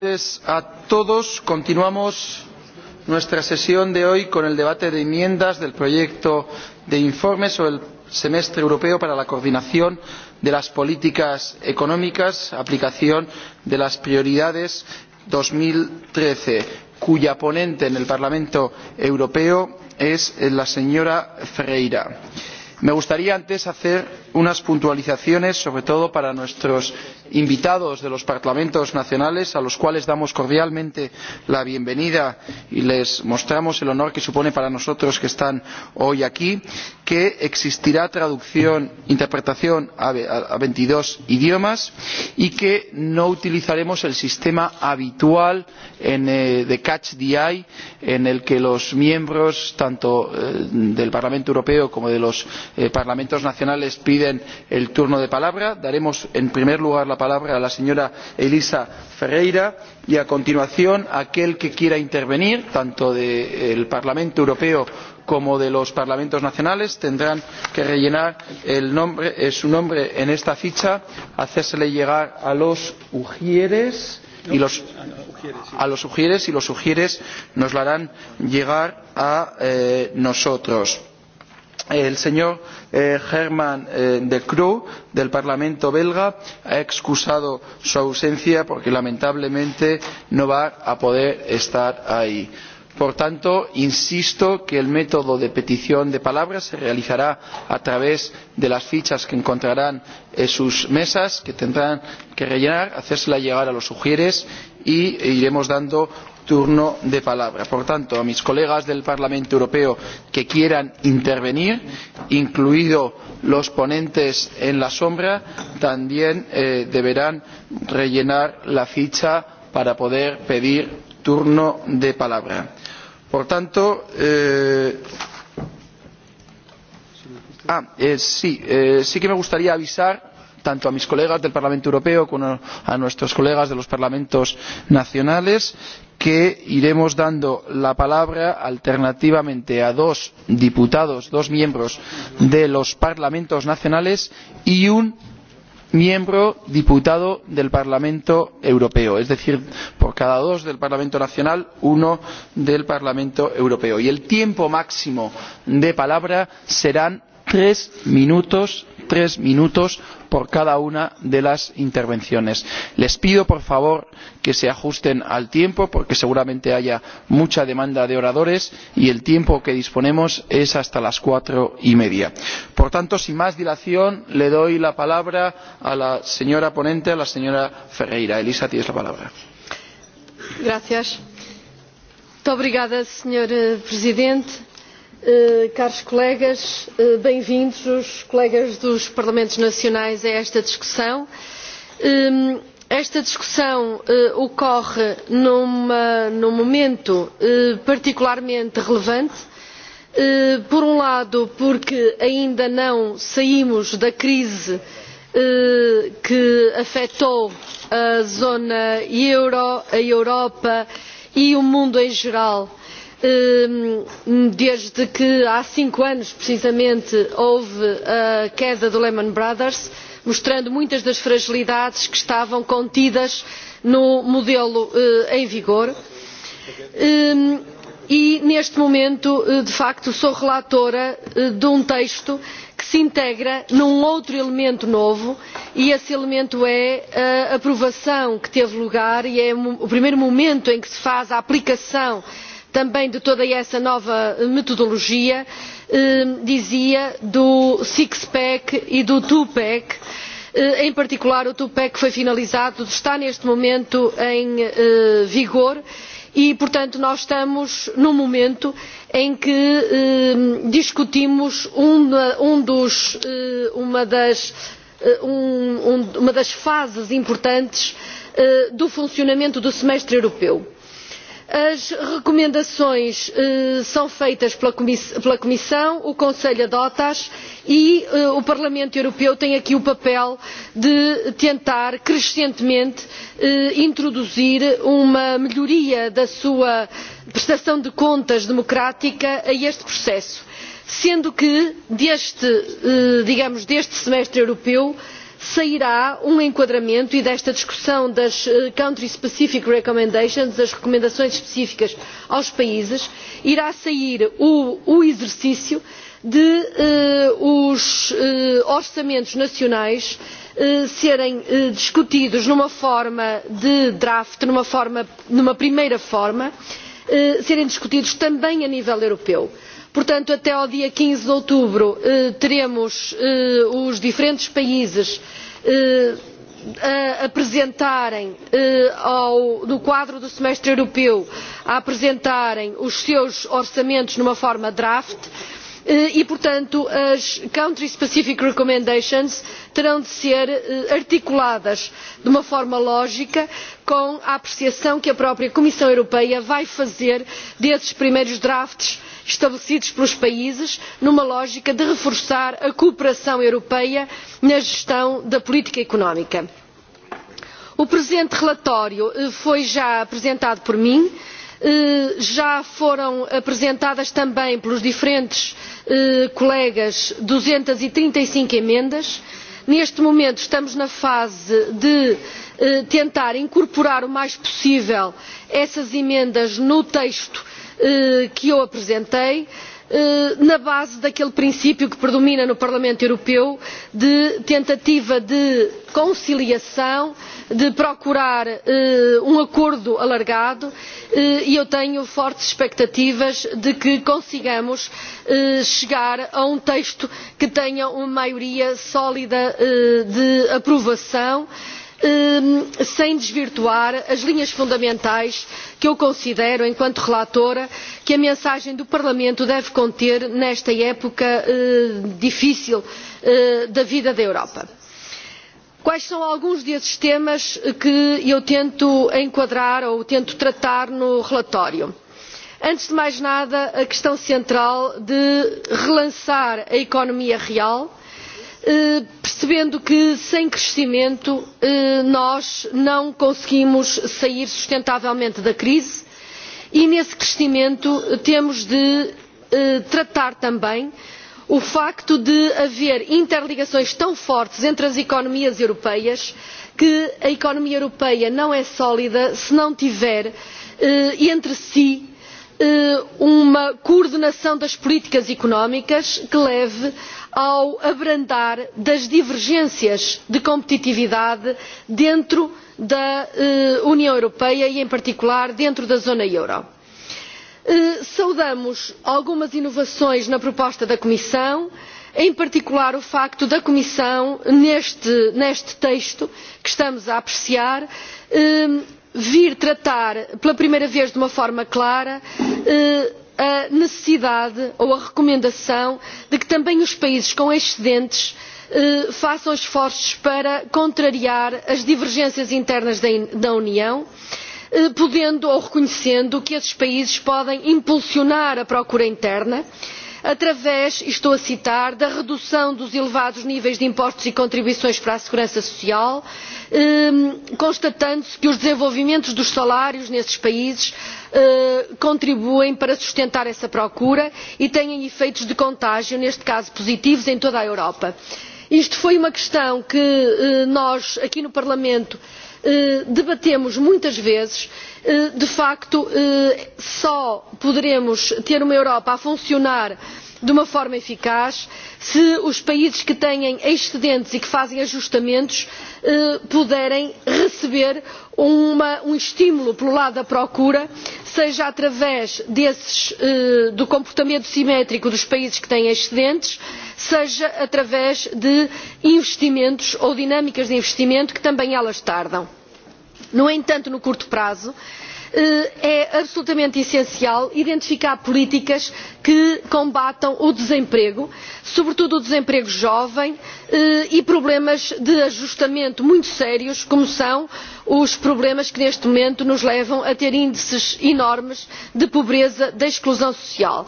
Gracias a todos. Continuamos nuestra sesión de hoy con el debate de enmiendas del proyecto de informe sobre el semestre europeo para la coordinación de las políticas económicas, aplicación de las prioridades dos mil trece, cuya ponente en el Parlamento Europeo es la señora Ferreira. Me gustaría antes hacer unas puntualizaciones, sobre todo para nuestros invitados de los parlamentos nacionales a los cuales damos cordialmente la bienvenida y les mostramos el honor que supone para nosotros que están hoy aquí que existirá traducción e interpretación a veintidós idiomas y que no utilizaremos el sistema habitual en, eh, de catch the eye en el que los miembros tanto eh, del parlamento europeo como de los eh, parlamentos nacionales piden el turno de palabra. daremos en primer lugar la la palabra a la señora Elisa Ferreira y a continuación aquel que quiera intervenir, tanto del de Parlamento Europeo como de los parlamentos nacionales tendrán que rellenar el nombre, eh, su nombre en esta ficha, hacérsele llegar a los ujieres y los, a los ujieres y los ujieres nos la harán llegar a eh, nosotros el señor eh, Herman eh, de Croo del Parlamento belga ha excusado su ausencia porque lamentablemente no va a poder estar ahí. Por tanto, insisto que el método de petición de palabra se realizará a través de las fichas que encontrarán en sus mesas, que tendrán que rellenar, hacérsela llegar a los sugieres y iremos dando turno de palabra. Por tanto, a mis colegas del Parlamento Europeo que quieran intervenir, incluidos los ponentes en la sombra, también eh, deberán rellenar la ficha para poder pedir turno de palabra. Por tanto, eh, ah, eh, sí, eh, sí que me gustaría avisar tanto a mis colegas del Parlamento Europeo como a nuestros colegas de los parlamentos nacionales que iremos dando la palabra alternativamente a dos diputados, dos miembros de los parlamentos nacionales y un miembro diputado del Parlamento Europeo, es decir, por cada dos del Parlamento Nacional, uno del Parlamento Europeo. Y el tiempo máximo de palabra serán tres minutos, tres minutos por cada una de las intervenciones. les pido por favor que se ajusten al tiempo porque seguramente haya mucha demanda de oradores y el tiempo que disponemos es hasta las cuatro y media. por tanto sin más dilación le doy la palabra a la señora ponente a la señora ferreira. elisa tienes la palabra. Gracias. Muito obrigada, Sr. Eh, presidente. Uh, caros colegas, uh, bem-vindos os colegas dos Parlamentos Nacionais a esta discussão. Um, esta discussão uh, ocorre numa, num momento particularmente relevante. Por um lado, porque ainda não saímos da crise que afetou a zona euro, a Europa e o mundo em geral desde que há cinco anos, precisamente, houve a queda do Lehman Brothers, mostrando muitas das fragilidades que estavam contidas no modelo eh, em vigor. E, neste momento, eh, de facto, sou relatora eh, de um texto que se integra num outro elemento novo e esse elemento é a aprovação que teve lugar e é o primeiro momento em que se faz a aplicação também de toda essa nova metodologia, dizia do six-pack e do two-pack, eh, em particular o two-pack foi finalizado, está neste momento em eh, vigor e, portanto, nós estamos num momento em que discutimos uma, um dos, eh, uma, das, um, um, uma das fases importantes do funcionamento do semestre europeu As recomendações eh, são feitas pela, comiss pela Comissão, o Conselho adota-as e eh, o Parlamento Europeu tem aqui o papel de tentar crescentemente eh, introduzir uma melhoria da sua prestação de contas democrática a este processo. Sendo que, deste, digamos, deste semestre europeu, sairá um enquadramento e desta discussão das eh, country specific recommendations, das recomendações específicas aos países, irá sair o, o exercício de eh, os eh, orçamentos nacionais serem discutidos numa forma de draft, numa, forma, numa primeira forma, serem discutidos também a nível europeu. Portanto, até ao dia 15 de outubro, eh, teremos eh, os diferentes países eh, a apresentarem ao, no quadro do semestre europeu a apresentarem os seus orçamentos numa forma draft e portanto as country specific recommendations terão de ser articuladas de uma forma lógica com a apreciação que a própria Comissão Europeia vai fazer desses primeiros drafts estabelecidos pelos países numa lógica de reforçar a cooperação europeia na gestão da política económica. O presente relatório eh, foi já apresentado por mim eh, já foram apresentadas também pelos diferentes eh, colegas duzentos e trinta e cinco emendas. Neste momento estamos na fase de tentar incorporar o mais possível essas emendas no texto Eh, que eu apresentei eh, na base daquele princípio que predomina no Parlamento Europeu de tentativa de conciliação, de procurar eh, um acordo alargado e eu tenho fortes expectativas de que consigamos chegar a um texto que tenha uma maioria sólida de aprovação sem desvirtuar as linhas fundamentais que eu considero, enquanto relatora, que a mensagem do Parlamento deve conter nesta época difícil da vida da Europa. Quais são alguns desses temas que eu tento enquadrar ou tento tratar no relatório? Antes de mais nada, a questão central de relançar a economia real, Eh, percebendo que sem crescimento eh, nós não conseguimos sair sustentavelmente da crise e nesse crescimento temos de eh, tratar também o facto de haver interligações tão fortes entre as economias europeias que a economia europeia não é sólida se não tiver entre si uma coordenação das políticas económicas que leve ao abrandar das divergências de competitividade dentro da eh, União Europeia e, em particular, dentro da zona euro. Eh, saudamos algumas inovações na proposta da Comissão, em particular o facto da Comissão, neste, neste texto que estamos a apreciar, eh, vir tratar pela primeira vez de uma forma clara a necessidade ou a recomendação de que também os países com excedentes eh, façam esforços para contrariar as divergências internas da, União, eh, podendo ou reconhecendo que esses países podem impulsionar a procura interna, através, e estou a citar, da redução dos elevados níveis de impostos e contribuições para a segurança social, ehm, constatando-se que os desenvolvimentos dos salários nesses países eh, contribuem para sustentar essa procura e têm efeitos de contágio, neste caso positivos, em toda a Europa. Isto foi uma questão que eh, nós, aqui no Parlamento, eh, debatemos muitas vezes Eh, de facto, eh, só poderemos ter uma Europa a funcionar de uma forma eficaz se os países que têm excedentes e que fazem ajustamentos eh, puderem receber uma, um estímulo pelo lado da procura, seja através desses, do comportamento simétrico dos países que têm excedentes, seja através de investimentos ou dinâmicas de investimento que também elas tardam No entanto, no curto prazo, eh, é absolutamente essencial identificar políticas que combatam o desemprego, sobretudo o desemprego jovem, eh, e problemas de ajustamento muito sérios, como são os problemas que neste momento nos levam a ter índices enormes de pobreza, de exclusão social.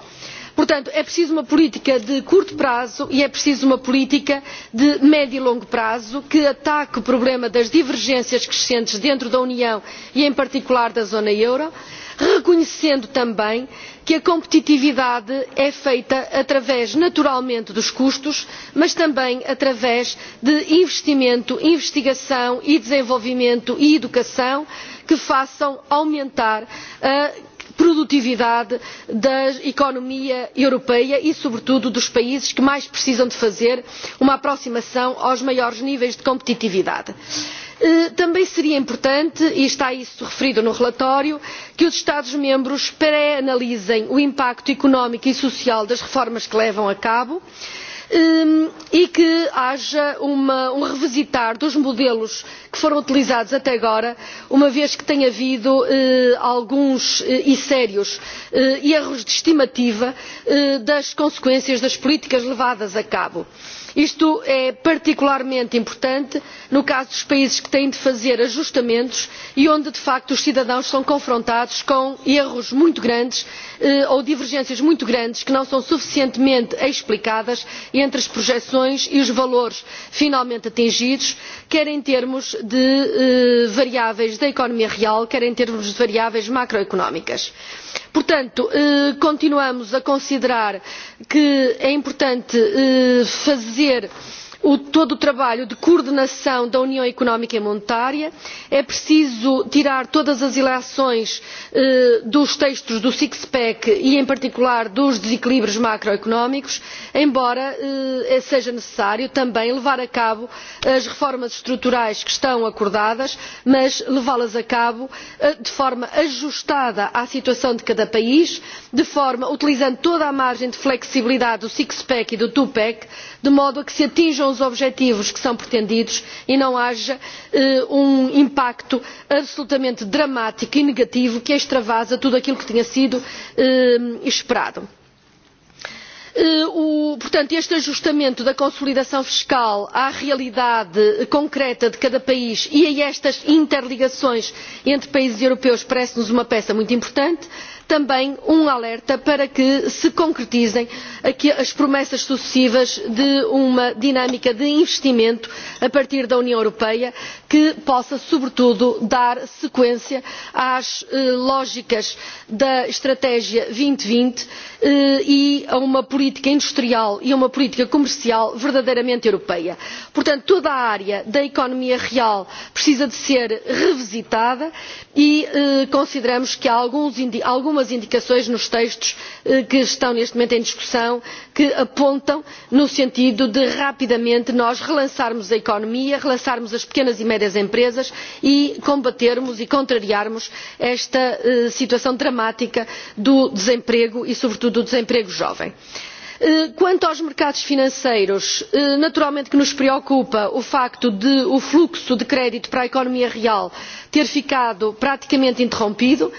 Portanto, é preciso uma política de curto prazo e é preciso uma política de médio e longo prazo que ataque o problema das divergências crescentes dentro da União e, em particular, da zona euro, reconhecendo também que a competitividade é feita através, naturalmente, dos custos, mas também através de investimento, investigação e desenvolvimento e educação que façam aumentar a produtividade da economia europeia e, sobretudo, dos países que mais precisam de fazer uma aproximação aos maiores níveis de competitividade. Eh, também seria importante, e está isso referido no relatório, que os Estados-membros pré-analisem o impacto económico e social das reformas que levam a cabo, e que haja uma, um revisitar dos modelos que foram utilizados até agora, uma vez que tem havido eh, alguns eh, e sérios eh, erros de estimativa das consequências das políticas levadas a cabo. Isto é particularmente importante no caso dos países que têm de fazer ajustamentos e onde, de facto, os cidadãos são confrontados com erros muito grandes eh, ou divergências muito grandes que não são suficientemente explicadas entre as projeções e os valores finalmente atingidos, quer em termos de eh, variáveis da economia real, quer em termos de variáveis macroeconómicas. Portanto, eh, continuamos a considerar que é importante eh, fazer o, todo o trabalho de coordenação da União Económica e Monetária, é preciso tirar todas as ilações eh, dos textos do Six-Pack e, em particular, dos desequilíbrios macroeconómicos, embora eh, seja necessário também levar a cabo as reformas estruturais que estão acordadas, mas levá-las a cabo eh, de forma ajustada à situação de cada país, de forma utilizando toda a margem de flexibilidade do Six-Pack e do Two-Pack, de modo a que se atinjam são os objetivos que são pretendidos e não haja eh, um impacto absolutamente dramático e negativo que extravasa tudo aquilo que tinha sido eh, esperado. Eh, o, portanto, este ajustamento da consolidação fiscal à realidade concreta de cada país e a estas interligações entre países europeus parece-nos uma peça muito importante também um alerta para que se concretizem as promessas sucessivas de uma dinâmica de investimento a partir da União Europeia que possa, sobretudo, dar sequência às eh, lógicas da Estratégia dois mil e vinte eh, e a uma política industrial e a uma política comercial verdadeiramente europeia. Portanto, toda a área da economia real precisa de ser revisitada e eh, consideramos que há alguns, algumas algumas indicações nos textos eh, que estão neste momento em discussão que apontam no sentido de rapidamente nós relançarmos a economia, relançarmos as pequenas e médias empresas e combatermos e contrariarmos esta eh, situação dramática do desemprego e, sobretudo, do desemprego jovem. Eh, quanto aos mercados financeiros, naturalmente que nos preocupa o facto de o fluxo de crédito para a economia real ter ficado praticamente interrompido.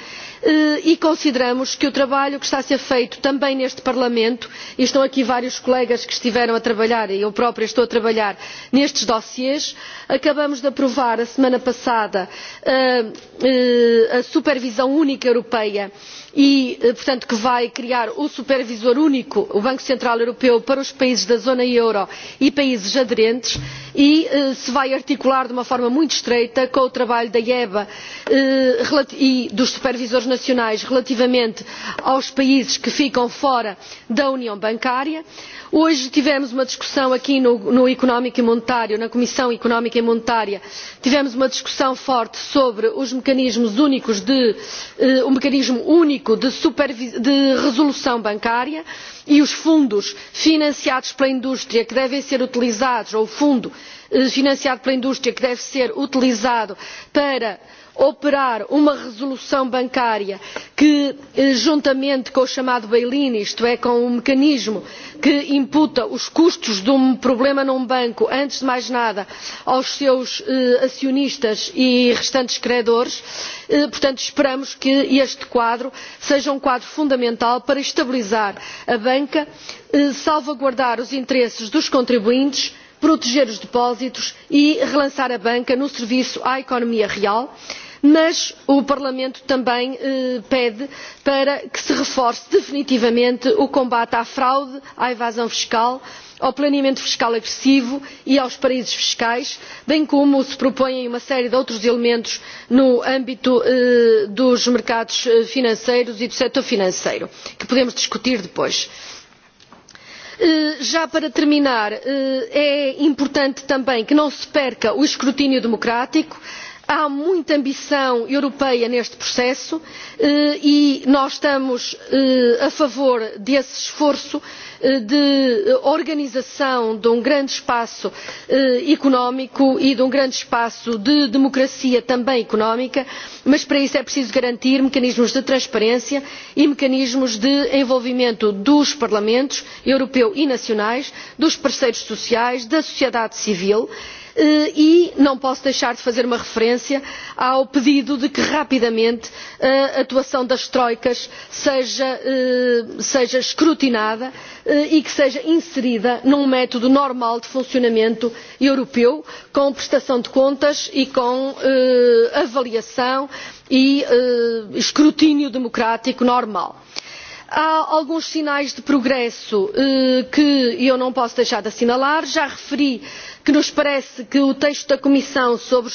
Eh, e consideramos que o trabalho que está a ser feito também neste Parlamento, e estão aqui vários colegas que estiveram a trabalhar, e eu própria estou a trabalhar nestes dossiês, acabamos de aprovar a semana passada eh, eh, a Supervisão Única Europeia e, eh, portanto, que vai criar o supervisor único, o Banco Central Europeu, para os países da zona euro e países aderentes, e eh, se vai articular de uma forma muito estreita com o trabalho da EBA eh, e dos supervisores nacionais relativamente aos países que ficam fora da União Bancária. Hoje tivemos uma discussão aqui no, Económico e Monetário, na Comissão Económica e Monetária, tivemos uma discussão forte sobre os mecanismos únicos de, o mecanismo único único de, de resolução bancária e os fundos financiados pela indústria que devem ser utilizados, ou o fundo eh, financiado pela indústria que deve ser utilizado para operar uma resolução bancária que, eh, juntamente com o chamado bail-in, isto é, com o um mecanismo que imputa os custos de um problema num banco, antes de mais nada, aos seus eh, acionistas e restantes credores. Eh, portanto, esperamos que este quadro seja um quadro fundamental para estabilizar a banca, eh, salvaguardar os interesses dos contribuintes, proteger os depósitos e relançar a banca no serviço à economia real mas o Parlamento também eh, pede para que se reforce definitivamente o combate à fraude, à evasão fiscal, ao planeamento fiscal agressivo e aos paraísos fiscais, bem como se propõem uma série de outros elementos no âmbito eh, dos mercados eh, financeiros e do setor financeiro, que podemos discutir depois. Eh, já para terminar, eh, é importante também que não se perca o escrutínio democrático há muita ambição europeia neste processo eh, e nós estamos eh, a favor desse esforço eh, de organização de um grande espaço económico e de um grande espaço de democracia também económica, mas para isso é preciso garantir mecanismos de transparência e mecanismos de envolvimento dos parlamentos europeu e nacionais, dos parceiros sociais, da sociedade civil. Eh, e não posso deixar de fazer uma referência ao pedido de que rapidamente eh, a atuação das troicas seja, eh, seja escrutinada e que seja inserida num método normal de funcionamento europeu com prestação de contas e com avaliação e escrutínio democrático normal há alguns sinais de progresso que eu não posso deixar de assinalar já referi que nos parece que o texto da Comissão sobre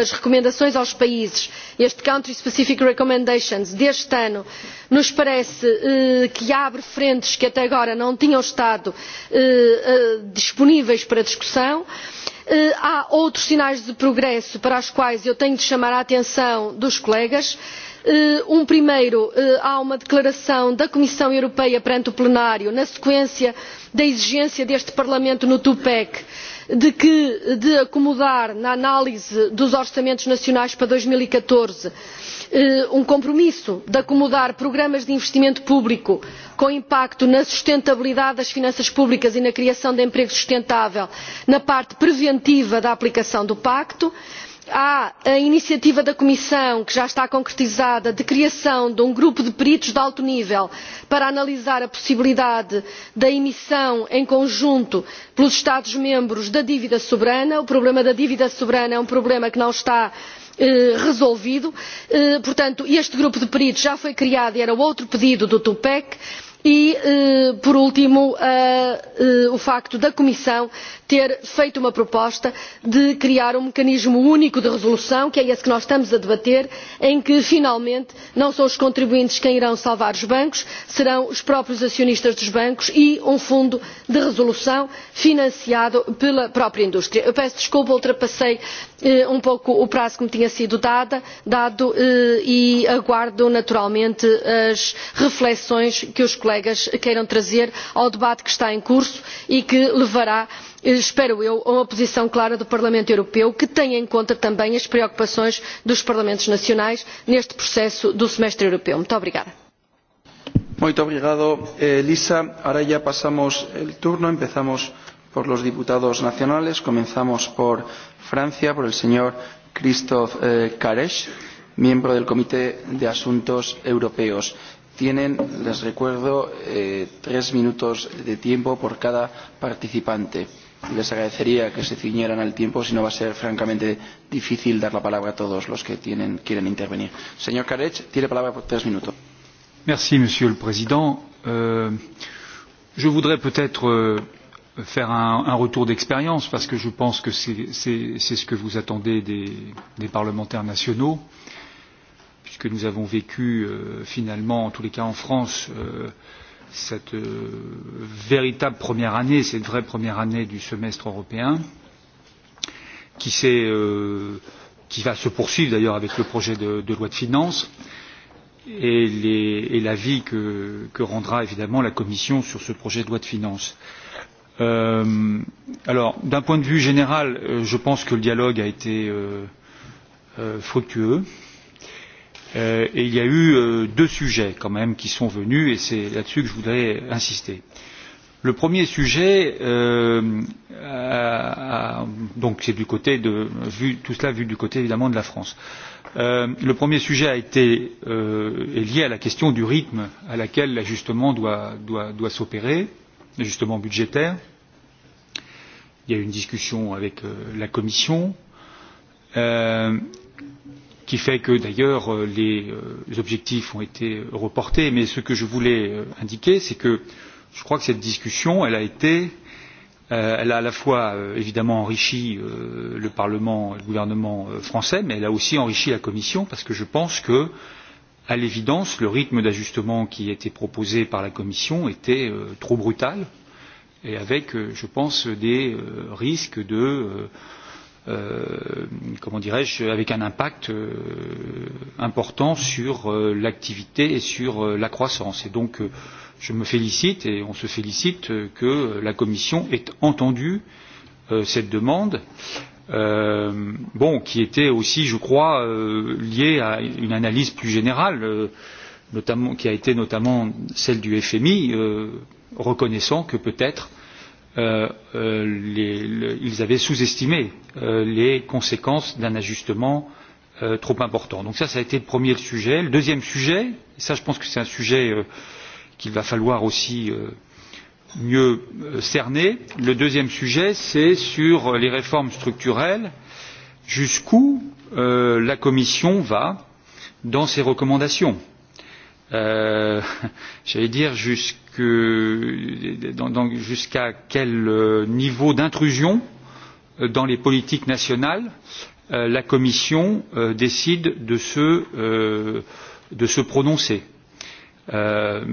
as recomendações aos países, este Country Specific Recommendations deste ano, nos parece eh, que abre frentes que até agora não tinham estado eh, eh, disponíveis para discussão. Há outros sinais de progresso para os quais eu tenho de chamar a atenção dos colegas. Eh, um primeiro, eh, há uma declaração da Comissão Europeia perante o plenário, na sequência da exigência deste Parlamento no TUPEC de, que, de acomodar na análise dos orçamentos nacionais para dois mil e eh, um compromisso de acomodar programas de investimento público com impacto na sustentabilidade das finanças públicas e na criação de emprego sustentável na parte preventiva da aplicação do pacto e há a iniciativa da Comissão, que já está concretizada, de criação de um grupo de peritos de alto nível para analisar a possibilidade da emissão em conjunto pelos Estados-membros da dívida soberana. O problema da dívida soberana é um problema que não está eh, resolvido. Eh, portanto, este grupo de peritos já foi criado e era outro pedido do TUPEC. E, eh, por último, o facto da Comissão ter feito uma proposta de criar um mecanismo único de resolução, que é esse que nós estamos a debater, em que finalmente não são os contribuintes quem irão salvar os bancos, serão os próprios acionistas dos bancos e um fundo de resolução financiado pela própria indústria. Eu peço desculpa, ultrapassei eh, um pouco o prazo que me tinha sido dada, dado eh, e aguardo naturalmente as reflexões que os colegas queiram trazer ao debate que está em curso e que levará espero eu, uma posição clara do Parlamento Europeu que tenha em conta também as preocupações dos Parlamentos Nacionais neste processo do semestre europeu. Muito obrigada. Muito obrigado, Elisa. Eh, Ahora ya pasamos el turno. Empezamos por los diputados nacionales. Comenzamos por Francia, por el señor Christophe eh, Caresch, miembro del Comité de Asuntos Europeos. Tienen, les recuerdo, eh, tres minutos de tiempo por cada participante les agradecería que se ciñeran al tiempo, si no va a ser francamente difícil dar la palabra a todos los que tienen, quieren intervenir. Señor Carech, tiene palabra por tres minutos. Merci, Monsieur le Président. Euh, je voudrais peut-être euh, faire un, un retour d'expérience, parce que je pense que c'est ce que vous attendez des, des parlementaires nationaux, puisque nous avons vécu euh, finalement, en tous les cas en France, euh, cette euh, véritable première année, cette vraie première année du semestre européen, qui, euh, qui va se poursuivre d'ailleurs avec le projet de, de loi de finances et, et l'avis que, que rendra évidemment la Commission sur ce projet de loi de finances. Euh, alors, d'un point de vue général, euh, je pense que le dialogue a été euh, euh, fructueux. Euh, Euh, et il y a eu euh, deux sujets quand même qui sont venus et c'est là-dessus que je voudrais insister. Le premier sujet, euh, a, a, donc c'est du côté de, vu, tout cela vu du côté évidemment de la France. Euh, le premier sujet a été, euh, est lié à la question du rythme à laquelle l'ajustement doit, doit, doit s'opérer, l'ajustement budgétaire. Il y a eu une discussion avec euh, la Commission. Euh, qui fait que d'ailleurs euh, euh, les objectifs ont été reportés. Mais ce que je voulais euh, indiquer, c'est que je crois que cette discussion, elle a été, elle a à la fois évidemment enrichi le Parlement et le gouvernement français, mais elle a aussi enrichi la Commission parce que je pense que, à l'évidence, le rythme d'ajustement qui était proposé par la Commission était trop brutal et avec, je pense, des risques de euh, euh, comment dirais-je, avec un impact euh, important sur euh, l'activité et sur euh, la croissance. Et donc, euh, je me félicite et on se félicite euh, que la Commission ait entendu euh, cette demande. Euh, bon, qui était aussi, je crois, euh, liée à une analyse plus générale, euh, notamment, qui a été notamment celle du FMI, euh, reconnaissant que peut-être Euh, euh, les, les, ils avaient sous-estimé euh, les conséquences d'un ajustement euh, trop important. Donc ça, ça a été le premier sujet. Le deuxième sujet, et ça je pense que c'est un sujet euh, qu'il va falloir aussi euh, mieux euh, cerner, le deuxième sujet, c'est sur les réformes structurelles, jusqu'où euh, la Commission va dans ses recommandations euh, j'allais dire, jusqu'à donc, donc jusqu'à quel euh, niveau d'intrusion euh, dans les politiques nationales euh, la Commission euh, décide de se, euh, de se prononcer. Euh,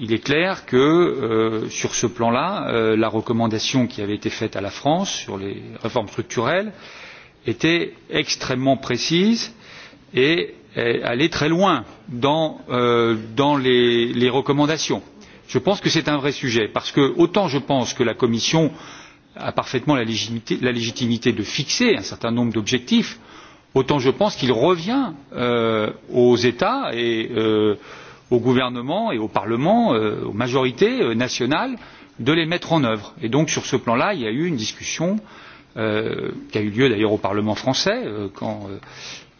il est clair que euh, sur ce plan-là, euh, la recommandation qui avait été faite à la France sur les réformes structurelles était extrêmement précise et aller très loin dans, euh, dans les, les recommandations. Je pense que c'est un vrai sujet parce que autant je pense que la Commission a parfaitement la légitimité, la légitimité de fixer un certain nombre d'objectifs, autant je pense qu'il revient euh, aux États et euh, au gouvernement et au Parlement, euh, aux majorités euh, nationales, de les mettre en œuvre. Et donc sur ce plan-là, il y a eu une discussion euh, qui a eu lieu d'ailleurs au Parlement français euh, quand euh,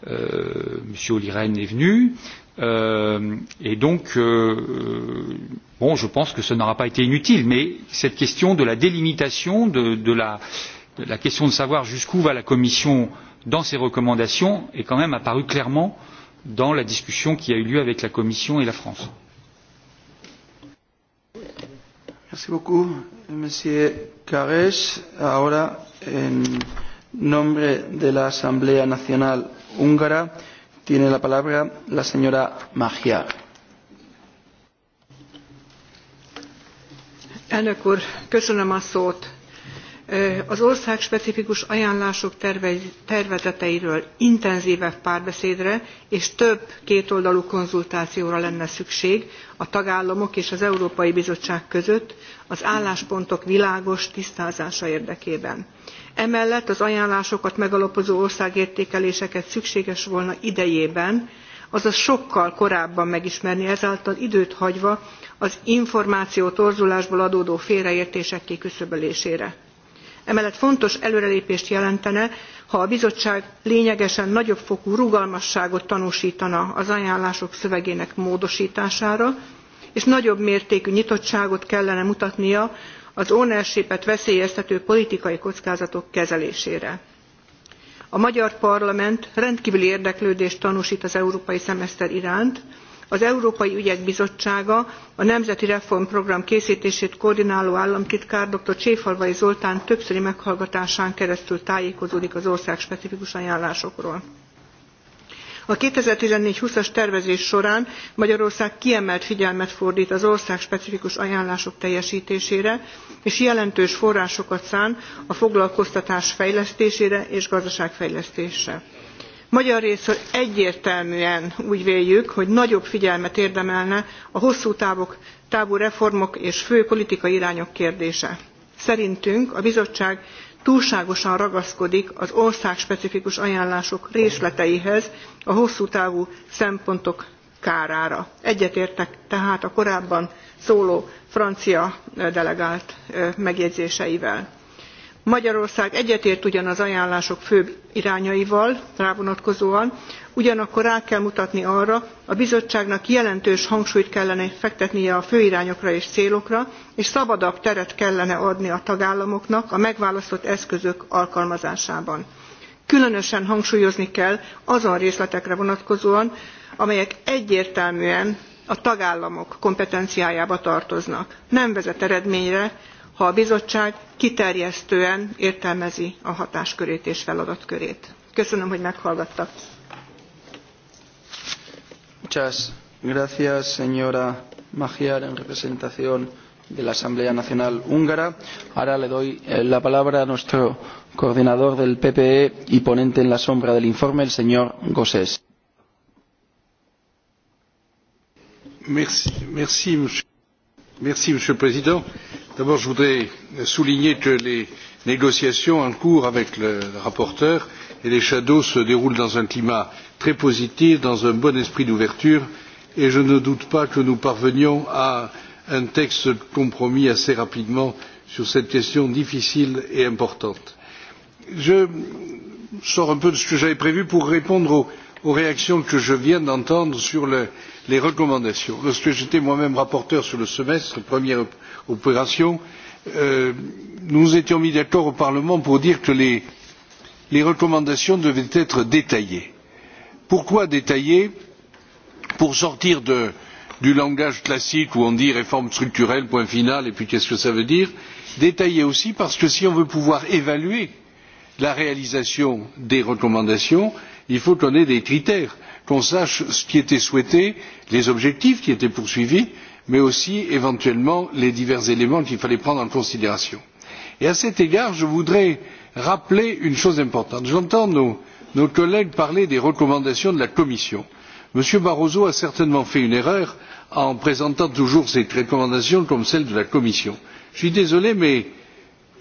Euh, Monsieur Liren est venu. Euh, et donc, euh, euh, bon, je pense que ce n'aura pas été inutile, mais cette question de la délimitation, de, de, la, de la question de savoir jusqu'où va la Commission dans ses recommandations est quand même apparue clairement dans la discussion qui a eu lieu avec la Commission et la France. Merci beaucoup, Monsieur Carres. Ahora, en nombre de l'Assemblée nationale húngara. Tiene la palabra la señora Magia. Elnök úr, köszönöm a szót. Az ország specifikus ajánlások tervezeteiről intenzívebb párbeszédre és több kétoldalú konzultációra lenne szükség a tagállamok és az Európai Bizottság között az álláspontok világos tisztázása érdekében. Emellett az ajánlásokat megalapozó országértékeléseket szükséges volna idejében, azaz sokkal korábban megismerni, ezáltal időt hagyva az információ torzulásból adódó félreértések kiküszöbölésére. Emellett fontos előrelépést jelentene, ha a bizottság lényegesen nagyobb fokú rugalmasságot tanúsítana az ajánlások szövegének módosítására, és nagyobb mértékű nyitottságot kellene mutatnia az ownership veszélyeztető politikai kockázatok kezelésére. A magyar parlament rendkívüli érdeklődést tanúsít az európai szemeszter iránt, az Európai Ügyek Bizottsága a Nemzeti Reformprogram készítését koordináló államtitkár dr. Cséfalvai Zoltán többszöri meghallgatásán keresztül tájékozódik az ország specifikus ajánlásokról. A 2014-20-as tervezés során Magyarország kiemelt figyelmet fordít az ország specifikus ajánlások teljesítésére, és jelentős forrásokat szán a foglalkoztatás fejlesztésére és gazdaságfejlesztésre. Magyar részről egyértelműen úgy véljük, hogy nagyobb figyelmet érdemelne a hosszú távok, távú reformok és fő politikai irányok kérdése. Szerintünk a bizottság túlságosan ragaszkodik az országspecifikus ajánlások részleteihez a hosszú távú szempontok kárára. Egyetértek tehát a korábban szóló francia delegált megjegyzéseivel Magyarország egyetért ugyan az ajánlások főbb irányaival rávonatkozóan, ugyanakkor rá kell mutatni arra, a bizottságnak jelentős hangsúlyt kellene fektetnie a főirányokra és célokra, és szabadabb teret kellene adni a tagállamoknak a megválasztott eszközök alkalmazásában. Különösen hangsúlyozni kell azon részletekre vonatkozóan, amelyek egyértelműen a tagállamok kompetenciájába tartoznak. Nem vezet eredményre, ha a bizottság kiterjesztően értelmezi a hatáskörét és feladatkörét. Köszönöm, hogy meghallgattak. Muchas gracias, señora Magyar, en representación de la Asamblea Nacional Húngara. Ahora le doy eh, la palabra a nuestro coordinador del PPE y ponente en la sombra del informe, el señor Gossés. Merci, merci, monsieur, merci, monsieur le Président. D'abord, je voudrais souligner que les négociations en cours avec le rapporteur et les shadows se déroulent dans un climat très positif, dans un bon esprit d'ouverture, et je ne doute pas que nous parvenions à un texte de compromis assez rapidement sur cette question difficile et importante. Je sors un peu de ce que j'avais prévu pour répondre aux, aux réactions que je viens d'entendre sur le, euh, les recommandations. Lorsque j'étais moi-même rapporteur sur le semestre, première opération, euh, nous étions mis d'accord au Parlement pour dire que les, les recommandations devaient être détaillées. Pourquoi détaillées Pour sortir de, du langage classique où on dit réforme structurelle, point final, et puis qu'est-ce que ça veut dire Détaillées aussi parce que si on veut pouvoir évaluer la réalisation des recommandations, il faut qu'on ait des critères qu'on sache ce qui était souhaité, les objectifs qui étaient poursuivis, mais aussi éventuellement les divers éléments qu'il fallait prendre en considération. Et à cet égard, je voudrais rappeler une chose importante. J'entends nos, nos collègues parler des recommandations de la Commission. M. Barroso a certainement fait une erreur en présentant toujours ces recommandations comme celles de la Commission. Je suis désolé, mais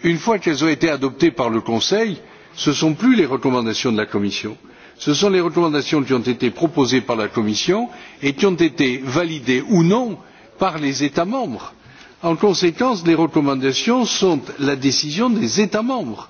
une fois qu'elles ont été adoptées par le Conseil, ce ne sont plus les recommandations de la Commission ce sont les recommandations qui ont été proposées par la commission et qui ont été validées ou non par les états membres. en conséquence les recommandations sont la décision des états membres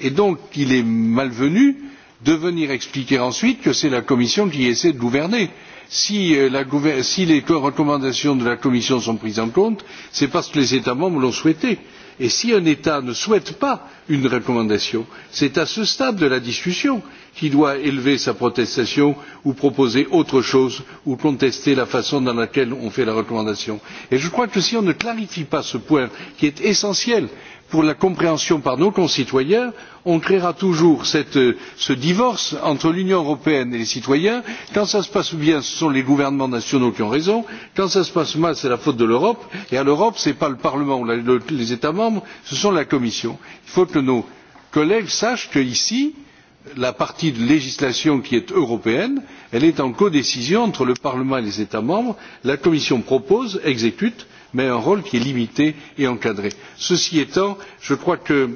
et donc il est malvenu de venir expliquer ensuite que c'est la commission qui essaie de gouverner. Si, euh, la, si les recommandations de la commission sont prises en compte c'est parce que les états membres l'ont souhaité. Et si un État ne souhaite pas une recommandation, c'est à ce stade de la discussion qu'il doit élever sa protestation ou proposer autre chose ou contester la façon dans laquelle on fait la recommandation. Et je crois que si on ne clarifie pas ce point qui est essentiel pour la compréhension par nos concitoyens on créera toujours cette, euh, ce divorce entre l'union européenne et les citoyens quand ça se passe bien ce sont les gouvernements nationaux qui ont raison quand ça se passe mal c'est la faute de l'europe et à l'europe ce n'est pas le parlement ou la, le, les états membres ce sont la commission. il faut que nos collègues sachent qu'ici la partie de législation qui est européenne elle est en codécision entre le parlement et les états membres la commission propose exécute mais un rôle qui est limité et encadré. Ceci étant, je crois que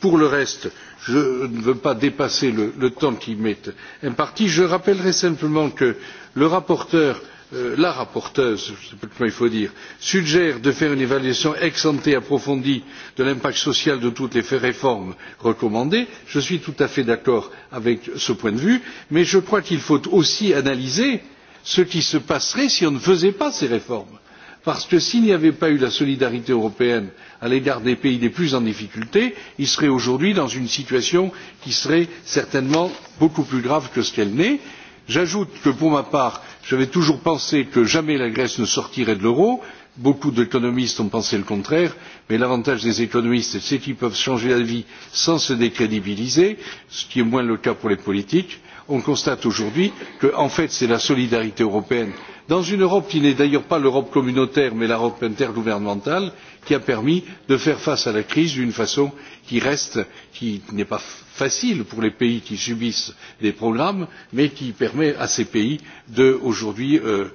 pour le reste, je ne veux pas dépasser le, le temps qui m'est imparti. Je rappellerai simplement que le rapporteur euh, la rapporteuse, je ne sais pas comment il faut dire, suggère de faire une évaluation ex ante approfondie de l'impact social de toutes les réformes recommandées. Je suis tout à fait d'accord avec ce point de vue, mais je crois qu'il faut aussi analyser ce qui se passerait si on ne faisait pas ces réformes parce que s'il n'y avait pas eu la solidarité européenne à l'égard des pays les plus en difficulté, ils seraient aujourd'hui dans une situation qui serait certainement beaucoup plus grave que ce qu'elle n'est. J'ajoute que pour ma part, j'avais toujours pensé que jamais la Grèce ne sortirait de l'euro. Beaucoup d'économistes ont pensé le contraire, mais l'avantage des économistes, c'est qu'ils peuvent changer d'avis sans se décrédibiliser, ce qui est moins le cas pour les politiques. On constate aujourd'hui que, en fait, c'est la solidarité européenne dans une Europe qui n'est d'ailleurs pas l'Europe communautaire mais l'Europe intergouvernementale qui a permis de faire face à la crise d'une façon qui reste, qui n'est pas facile pour les pays qui subissent des programmes mais qui permet à ces pays d'aujourd'hui aujourd'hui euh,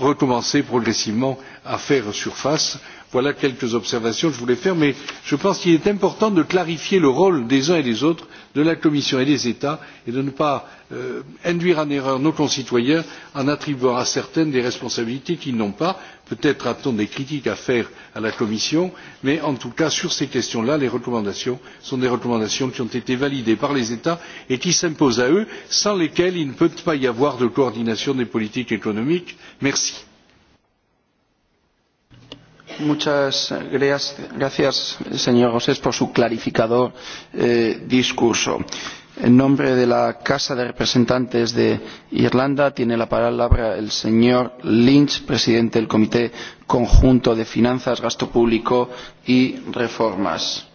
recommencer progressivement à faire surface. Voilà quelques observations que je voulais faire, mais je pense qu'il est important de clarifier le rôle des uns et des autres, de la Commission et des États, et de ne pas euh, induire en erreur nos concitoyens en attribuant à certaines des responsabilités qu'ils n'ont pas. Peut-être a-t-on des critiques à faire à la Commission, mais en tout cas, sur ces questions-là, les recommandations sont des recommandations qui ont été validées par les États et qui s'imposent à eux, sans lesquelles il ne peut pas y avoir de coordination des politiques économiques. Merci. Muchas gracias, señor Gossés, por su clarificador eh, discurso. En nombre de la Casa de Representantes de Irlanda tiene la palabra el señor Lynch, presidente del Comité Conjunto de Finanzas, Gasto Público y Reformas.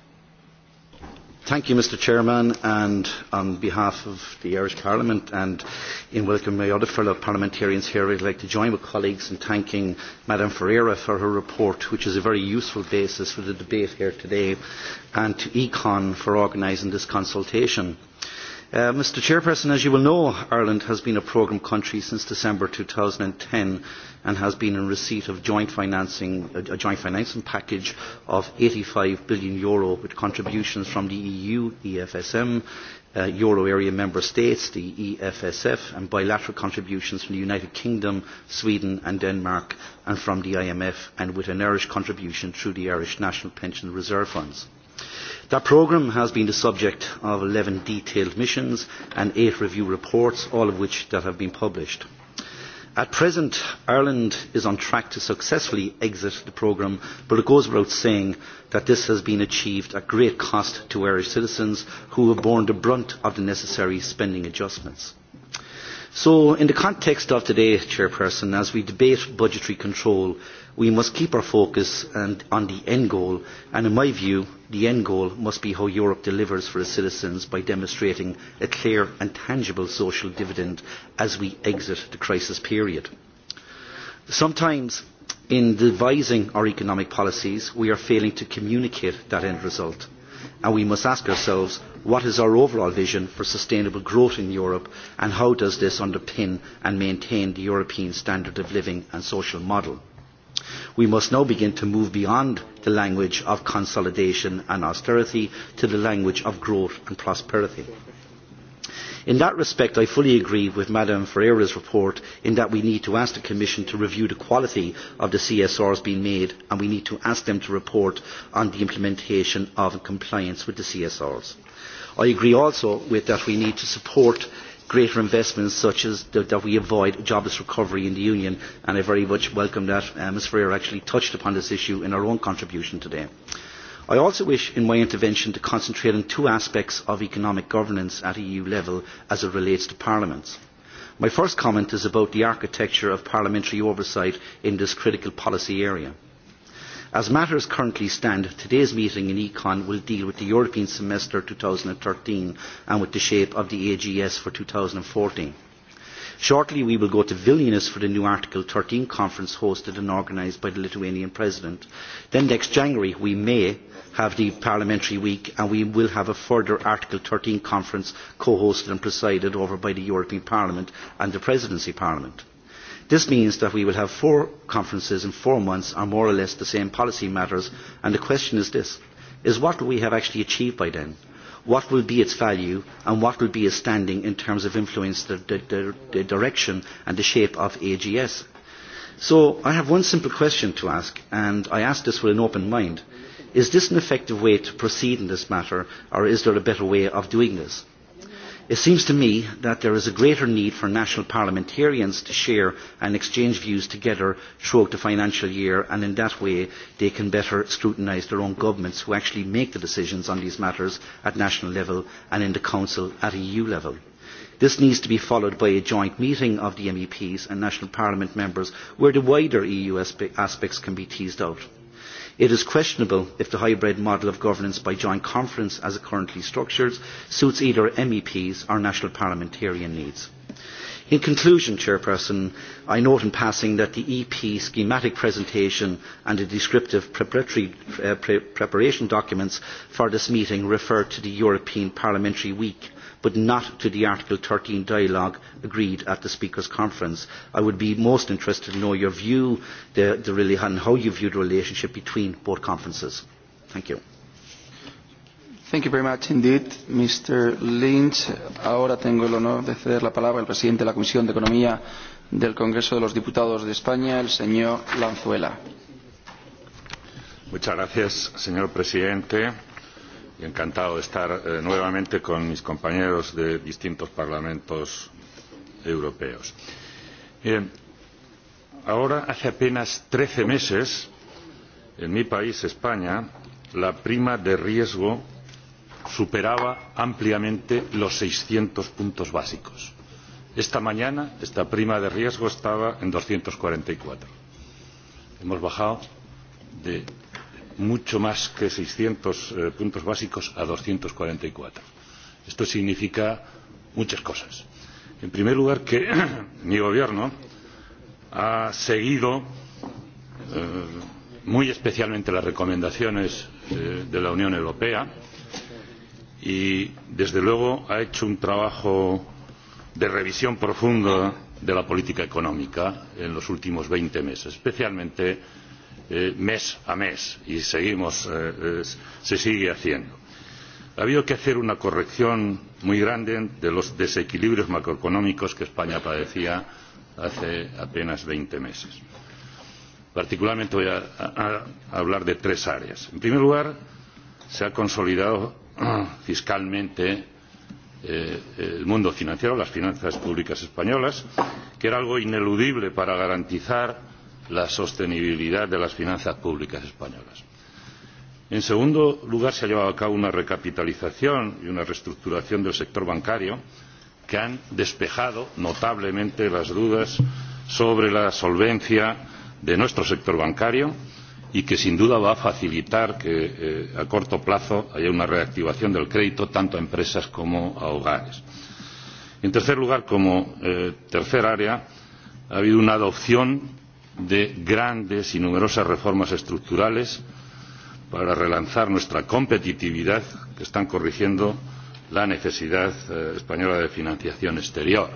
Thank you, Mr. Chairman, and on behalf of the Irish Parliament and in welcoming my other fellow parliamentarians here, I'd like to join with colleagues in thanking Madame Ferreira for her report, which is a very useful basis for the debate here today, and to Econ for organising this consultation. Uh, Mr. Chairperson, as you will know, Ireland has been a programme country since December 2010 and has been in receipt of joint financing, a joint financing package of 85 billion euro with contributions from the EU, EFSM, uh, euro area member states, the EFSF, and bilateral contributions from the United Kingdom, Sweden and Denmark, and from the IMF, and with an Irish contribution through the Irish National Pension Reserve Funds. That programme has been the subject of 11 detailed missions and 8 review reports, all of which that have been published. At present, Ireland is on track to successfully exit the programme, but it goes without saying that this has been achieved at great cost to Irish citizens who have borne the brunt of the necessary spending adjustments. So in the context of today, Chairperson, as we debate budgetary control, we must keep our focus and, on the end goal, and in my view, the end goal must be how Europe delivers for its citizens by demonstrating a clear and tangible social dividend as we exit the crisis period. Sometimes, in devising our economic policies, we are failing to communicate that end result, and we must ask ourselves what is our overall vision for sustainable growth in Europe and how does this underpin and maintain the European standard of living and social model. We must now begin to move beyond the language of consolidation and austerity to the language of growth and prosperity. In that respect, I fully agree with Madame Ferreira's report in that we need to ask the Commission to review the quality of the CSRs being made and we need to ask them to report on the implementation of compliance with the CSRs. I agree also with that we need to support greater investments such as th that we avoid jobless recovery in the Union and I very much welcome that uh, Ms Freer actually touched upon this issue in her own contribution today. I also wish in my intervention to concentrate on two aspects of economic governance at EU level as it relates to parliaments. My first comment is about the architecture of parliamentary oversight in this critical policy area. As matters currently stand, today's meeting in Econ will deal with the European Semester 2013 and with the shape of the AGS for 2014. Shortly we will go to Vilnius for the new Article 13 conference hosted and organised by the Lithuanian President. Then next January we may have the Parliamentary Week and we will have a further Article 13 conference co-hosted and presided over by the European Parliament and the Presidency Parliament. This means that we will have four conferences in four months on more or less the same policy matters, and the question is this, is what will we have actually achieved by then? What will be its value and what will be its standing in terms of influence the, the, the direction and the shape of AGS? So I have one simple question to ask, and I ask this with an open mind. Is this an effective way to proceed in this matter, or is there a better way of doing this? It seems to me that there is a greater need for national parliamentarians to share and exchange views together throughout the financial year and in that way they can better scrutinise their own governments who actually make the decisions on these matters at national level and in the Council at EU level. This needs to be followed by a joint meeting of the MEPs and national parliament members where the wider EU aspects can be teased out. It is questionable if the hybrid model of governance by joint conference as it currently structures suits either MEPs or national parliamentarian needs. In conclusion, Chairperson, I note in passing that the EP schematic presentation and the descriptive preparatory uh, pre preparation documents for this meeting refer to the European Parliamentary Week but not to the Article 13 dialogue agreed at the Speakers' Conference. I would be most interested to know your view the, the, really, and how you view the relationship between both conferences. Thank you. Thank you very much indeed, Mr. Lynch. Ahora tengo el honor de ceder la palabra al presidente de la Comisión de Economía del Congreso de los Diputados de España, el señor Lanzuela. Muchas gracias, señor presidente encantado de estar eh, nuevamente con mis compañeros de distintos parlamentos europeos. Bien, ahora, hace apenas trece meses, en mi país, España, la prima de riesgo superaba ampliamente los seiscientos puntos básicos. Esta mañana, esta prima de riesgo estaba en doscientos cuarenta y cuatro. Hemos bajado de mucho más que seiscientos eh, puntos básicos a doscientos cuarenta y cuatro. Esto significa muchas cosas. En primer lugar, que mi gobierno ha seguido eh, muy especialmente las recomendaciones eh, de la Unión Europea y, desde luego, ha hecho un trabajo de revisión profunda de la política económica en los últimos veinte meses, especialmente eh, mes a mes y seguimos, eh, eh se sigue haciendo. Ha habido que hacer una corrección muy grande de los desequilibrios macroeconómicos que España padecía hace apenas 20 meses. Particularmente voy a, a, a hablar de tres áreas. En primer lugar, se ha consolidado fiscalmente eh, el mundo financiero, las finanzas públicas españolas, que era algo ineludible para garantizar la sostenibilidad de las finanzas públicas españolas. En segundo lugar, se ha llevado a cabo una recapitalización y una reestructuración del sector bancario que han despejado notablemente las dudas sobre la solvencia de nuestro sector bancario y que sin duda va a facilitar que eh, a corto plazo haya una reactivación del crédito tanto a empresas como a hogares. En tercer lugar, como eh, tercer área, ha habido una adopción de grandes y numerosas reformas estructurales para relanzar nuestra competitividad que están corrigiendo la necesidad eh, española de financiación exterior.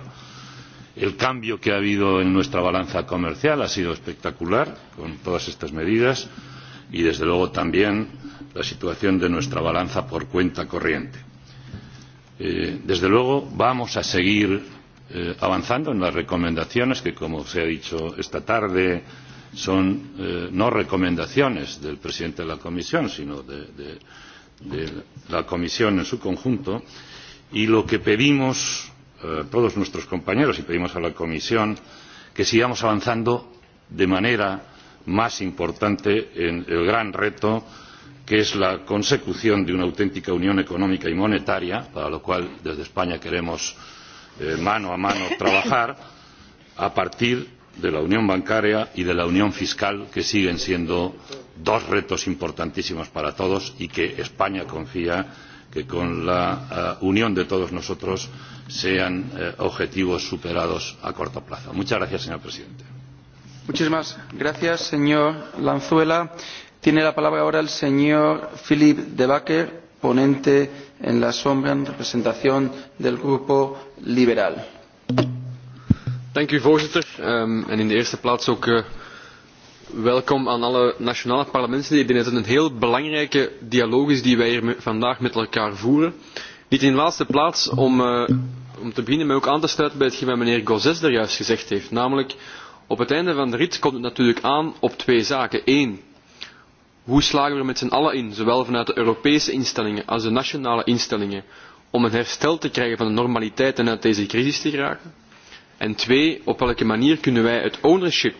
El cambio que ha habido en nuestra balanza comercial ha sido espectacular con todas estas medidas y desde luego también la situación de nuestra balanza por cuenta corriente. Eh, desde luego vamos a seguir eh, avanzando en las recomendaciones que, como se ha dicho esta tarde, son eh, no recomendaciones del presidente de la Comisión, sino de, de, de la Comisión en su conjunto. Y lo que pedimos eh, todos nuestros compañeros y pedimos a la Comisión que sigamos avanzando de manera más importante en el gran reto que es la consecución de una auténtica unión económica y monetaria, para lo cual desde España queremos eh, mano a mano trabajar a partir de la unión bancaria y de la unión fiscal, que siguen siendo dos retos importantísimos para todos y que España confía que con la uh, unión de todos nosotros sean uh, objetivos superados a corto plazo. Muchas gracias, señor presidente. Muchísimas gracias, señor Lanzuela. Tiene la palabra ahora el señor Philip de Backer, ponente en la sombra en representación del grupo liberal. Dank u voorzitter. Um, en in de eerste plaats ook uh, welkom aan alle nationale parlementsleden. Ik denk dat het een heel belangrijke dialoog is die wij hier vandaag met elkaar voeren. Niet in de laatste plaats om, uh, om te beginnen mij ook aan te sluiten bij hetgeen wat meneer Gozes daar juist gezegd heeft. Namelijk, op het einde van de rit komt het natuurlijk aan op twee zaken. Eén, Hoe slagen we er met z'n allen in, zowel vanuit de Europese instellingen als de nationale instellingen, om een herstel te krijgen van de normaliteit en uit deze crisis te geraken? En twee, op welke manier kunnen wij het ownership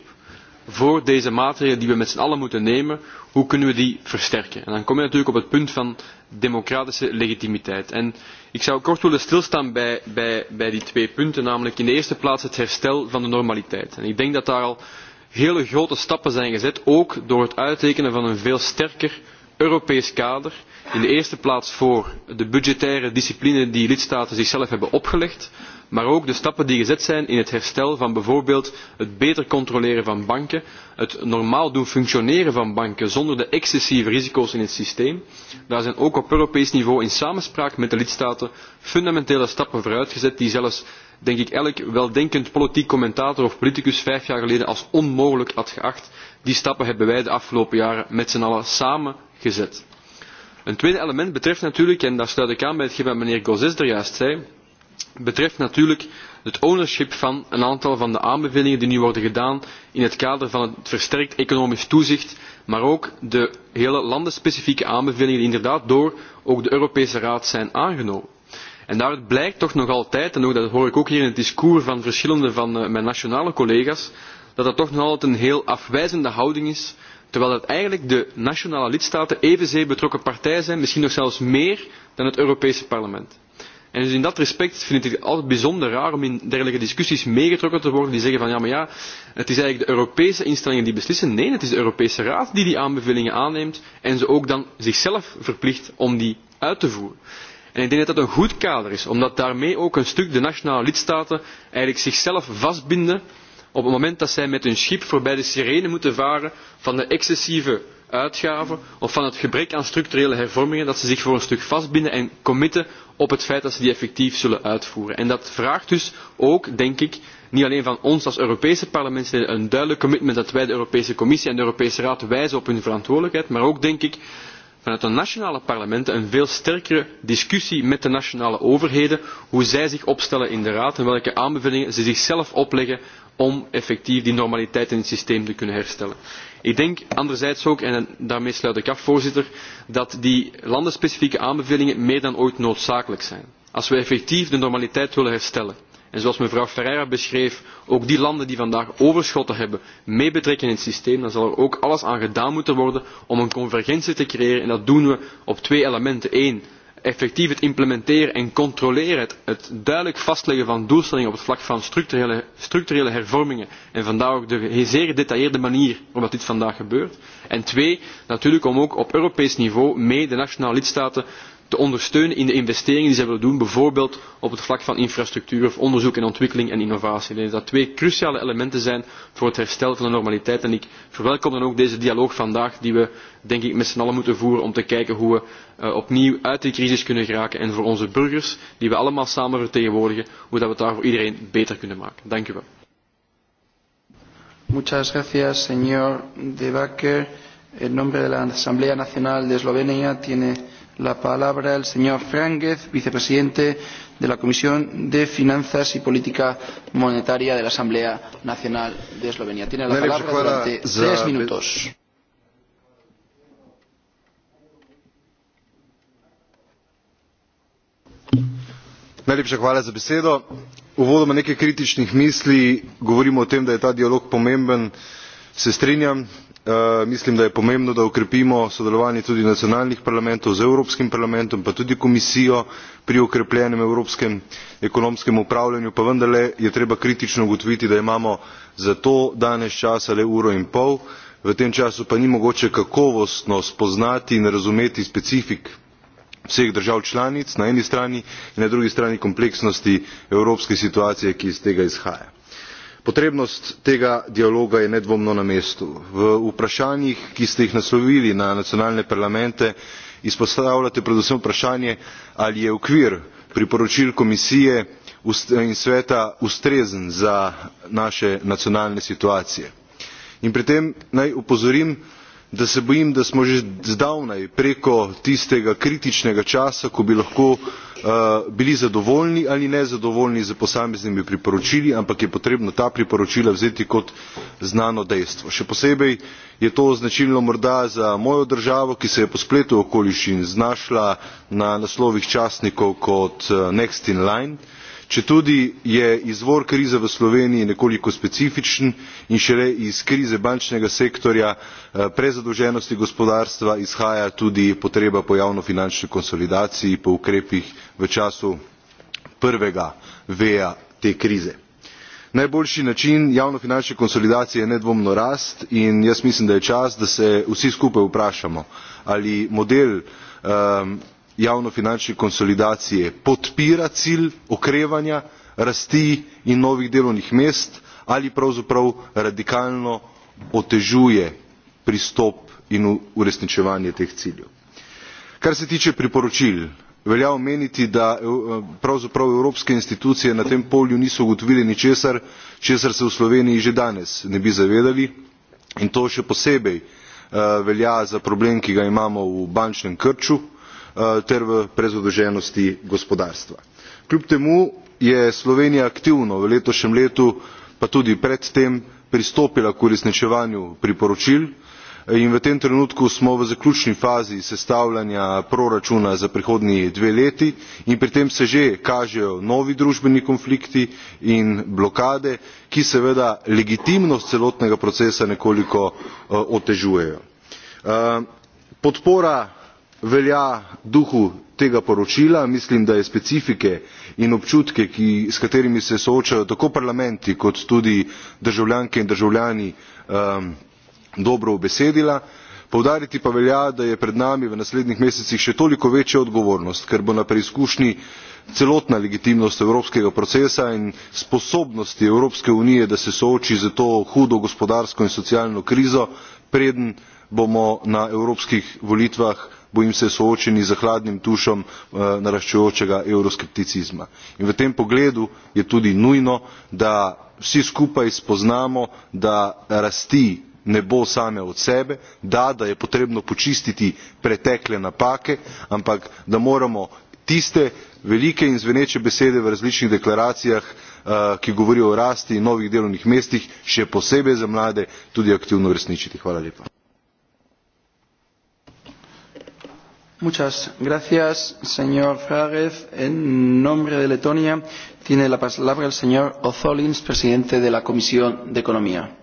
voor deze maatregelen die we met z'n allen moeten nemen, hoe kunnen we die versterken? En dan kom je natuurlijk op het punt van democratische legitimiteit. En ik zou kort willen stilstaan bij, bij, bij die twee punten, namelijk in de eerste plaats het herstel van de normaliteit. En ik denk dat daar al hele grote stappen zijn gezet, ook door het uittekenen van een veel sterker Europees kader. In de eerste plaats voor de budgettaire discipline die lidstaten zichzelf hebben opgelegd, maar ook de stappen die gezet zijn in het herstel van bijvoorbeeld het beter controleren van banken, het normaal doen functioneren van banken zonder de excessieve risico's in het systeem. Daar zijn ook op Europees niveau in samenspraak met de lidstaten fundamentele stappen vooruitgezet die zelfs denk ik elk weldenkend politiek commentator of politicus vijf jaar geleden als onmogelijk had geacht. Die stappen hebben wij de afgelopen jaren met z'n allen samen gezet. Een tweede element betreft natuurlijk, en daar sluit ik aan bij hetgeen wat meneer Gozes er juist zei, betreft natuurlijk het ownership van een aantal van de aanbevelingen die nu worden gedaan in het kader van het versterkt economisch toezicht, maar ook de hele landenspecifieke aanbevelingen die inderdaad door ook de Europese Raad zijn aangenomen. En daaruit blijkt toch nog altijd, en ook dat hoor ik ook hier in het discours van verschillende van eh, mijn nationale collega's, dat dat toch nog altijd een heel afwijzende houding is, terwijl dat eigenlijk de nationale lidstaten evenzeer betrokken partij zijn, misschien nog zelfs meer dan het Europese parlement. En dus in dat respect vind ik het altijd bijzonder raar om in dergelijke discussies meegetrokken te worden die zeggen van ja maar ja, het is eigenlijk de Europese instellingen die beslissen. Nee, het is de Europese Raad die die aanbevelingen aanneemt en ze ook dan zichzelf verplicht om die uit te voeren. En ik denk dat dat een goed kader is, omdat daarmee ook een stuk de nationale lidstaten eigenlijk zichzelf vastbinden op het moment dat zij met hun schip voorbij de sirene moeten varen van de excessieve uitgaven of van het gebrek aan structurele hervormingen, dat ze zich voor een stuk vastbinden en committen op het feit dat ze die effectief zullen uitvoeren. En dat vraagt dus ook, denk ik, niet alleen van ons als Europese parlementsleden een duidelijk commitment dat wij de Europese Commissie en de Europese Raad wijzen op hun verantwoordelijkheid, maar ook, denk ik, vanuit de nationale parlementen een veel sterkere discussie met de nationale overheden hoe zij zich opstellen in de raad en welke aanbevelingen ze zichzelf opleggen om effectief die normaliteit in het systeem te kunnen herstellen. Ik denk anderzijds ook, en daarmee sluit ik af voorzitter, dat die landenspecifieke aanbevelingen meer dan ooit noodzakelijk zijn. Als we effectief de normaliteit willen herstellen En zoals mevrouw Ferreira beschreef, ook die landen die vandaag overschotten hebben, mee betrekken in het systeem, dan zal er ook alles aan gedaan moeten worden om een convergentie te creëren. En dat doen we op twee elementen. Eén, effectief het implementeren en controleren, het, het duidelijk vastleggen van doelstellingen op het vlak van structurele, structurele hervormingen en vandaar ook de zeer gedetailleerde manier waarop dit vandaag gebeurt. En twee, natuurlijk om ook op Europees niveau mee de nationale lidstaten te ondersteunen in de investeringen die zij willen doen, bijvoorbeeld op het vlak van infrastructuur of onderzoek en ontwikkeling en innovatie. Ik denk dat twee cruciale elementen zijn voor het herstel van de normaliteit en ik verwelkom dan ook deze dialoog vandaag die we denk ik met z'n allen moeten voeren om te kijken hoe we uh, opnieuw uit de crisis kunnen geraken en voor onze burgers, die we allemaal samen vertegenwoordigen, hoe dat we het daar voor iedereen beter kunnen maken. Dank u wel. Muchas gracias, señor De Backer. En nombre de la Asamblea Nacional de Eslovenia tiene la palabra el señor Franguez, vicepresidente de la Comisión de Finanzas y Política Monetaria de la Asamblea Nacional de Eslovenia. Tiene la palabra durante tres minutos. Najlepša hvala za besedo. Uvodoma nekaj kritičnih misli, govorimo o tem, da je ta dialog pomemben, se strinjam, Eh, mislim, da je pomembno, da okrepimo sodelovanje tudi nacionalnih parlamentov z Evropskim parlamentom, pa tudi komisijo pri okrepljenem evropskem ekonomskem upravljanju, pa vendarle je treba kritično ugotoviti, da imamo za to danes časa le uro in pol, v tem času pa ni mogoče kakovostno spoznati in razumeti specifik vseh držav članic na eni strani in na drugi strani kompleksnosti evropske situacije, ki iz tega izhaja Potrebnost tega dialoga je nedvomno na mestu. V vprašanjih, ki ste jih naslovili na nacionalne parlamente, izpostavljate predvsem vprašanje, ali je okvir priporočil komisije in sveta ustrezen za naše nacionalne situacije. In pri tem naj upozorim, da se bojim, da smo že zdavnaj preko tistega kritičnega časa, ko bi lahko Eh, bili zadovoljni ali ne zadovoljni z posameznimi priporočili ampak je potrebno ta priporočila vzeti kot znano dejstvo. še posebej je to značilno morda za mojo državo ki se je po spletu okoliščin znašla na naslovih časnikov kot eh, next in line Četudi je izvor krize v Sloveniji nekoliko specifičen in šele iz krize bančnega sektorja, eh, prezadolženosti gospodarstva izhaja tudi potreba po javnofinančni konsolidaciji, po ukrepih v času prvega veja te krize. Najboljši način javnofinančne konsolidacije je nedvomno rast in jaz mislim, da je čas, da se vsi skupaj vprašamo, ali model um, javnofinančne konsolidacije podpira cilj okrevanja rasti in novih delovnih mest ali pravzaprav radikalno otežuje pristop in uresničevanje teh ciljev. kar se tiče priporočil velja omeniti da pravzaprav evropske institucije na tem polju niso ugotovile ničesar česar se v sloveniji že danes ne bi zavedali in to še posebej eh, velja za problem ki ga imamo v bančnem krču Eh, ter v prezadolženosti gospodarstva. Kljub temu je Slovenija aktivno v letošnjem letu pa tudi pred tem pristopila k uresničevanju priporočil eh, in v tem trenutku smo v zaključni fazi sestavljanja proračuna za prihodnji dve leti in pri tem se že kažejo novi družbeni konflikti in blokade ki seveda legitimnost celotnega procesa nekoliko eh, otežujejo. podpora velja duhu tega poročila mislim da je specifike in občutke ki, s katerimi se soočajo tako parlamenti kot tudi državljanke in državljani um, dobro obesedila, poudariti pa velja da je pred nami v naslednjih mesecih še toliko večja odgovornost ker bo na preizkušnji celotna legitimnost evropskega procesa in sposobnosti evropske unije da se sooči za to hudo gospodarsko in socialno krizo preden bomo na evropskih volitvah bojim se soočeni z hladnim tušom eh, naraščujočega evroskepticizma. In v tem pogledu je tudi nujno, da vsi skupaj spoznamo, da rasti ne bo same od sebe, da, da je potrebno počistiti pretekle napake, ampak da moramo tiste velike in zveneče besede v različnih deklaracijah, eh, ki govorijo o rasti in novih delovnih mestih, še posebej za mlade, tudi aktivno uresničiti. Hvala lepa. Muchas gracias, señor Fragez. En nombre de Letonia tiene la palabra el señor Ozolins, presidente de la Comisión de Economía.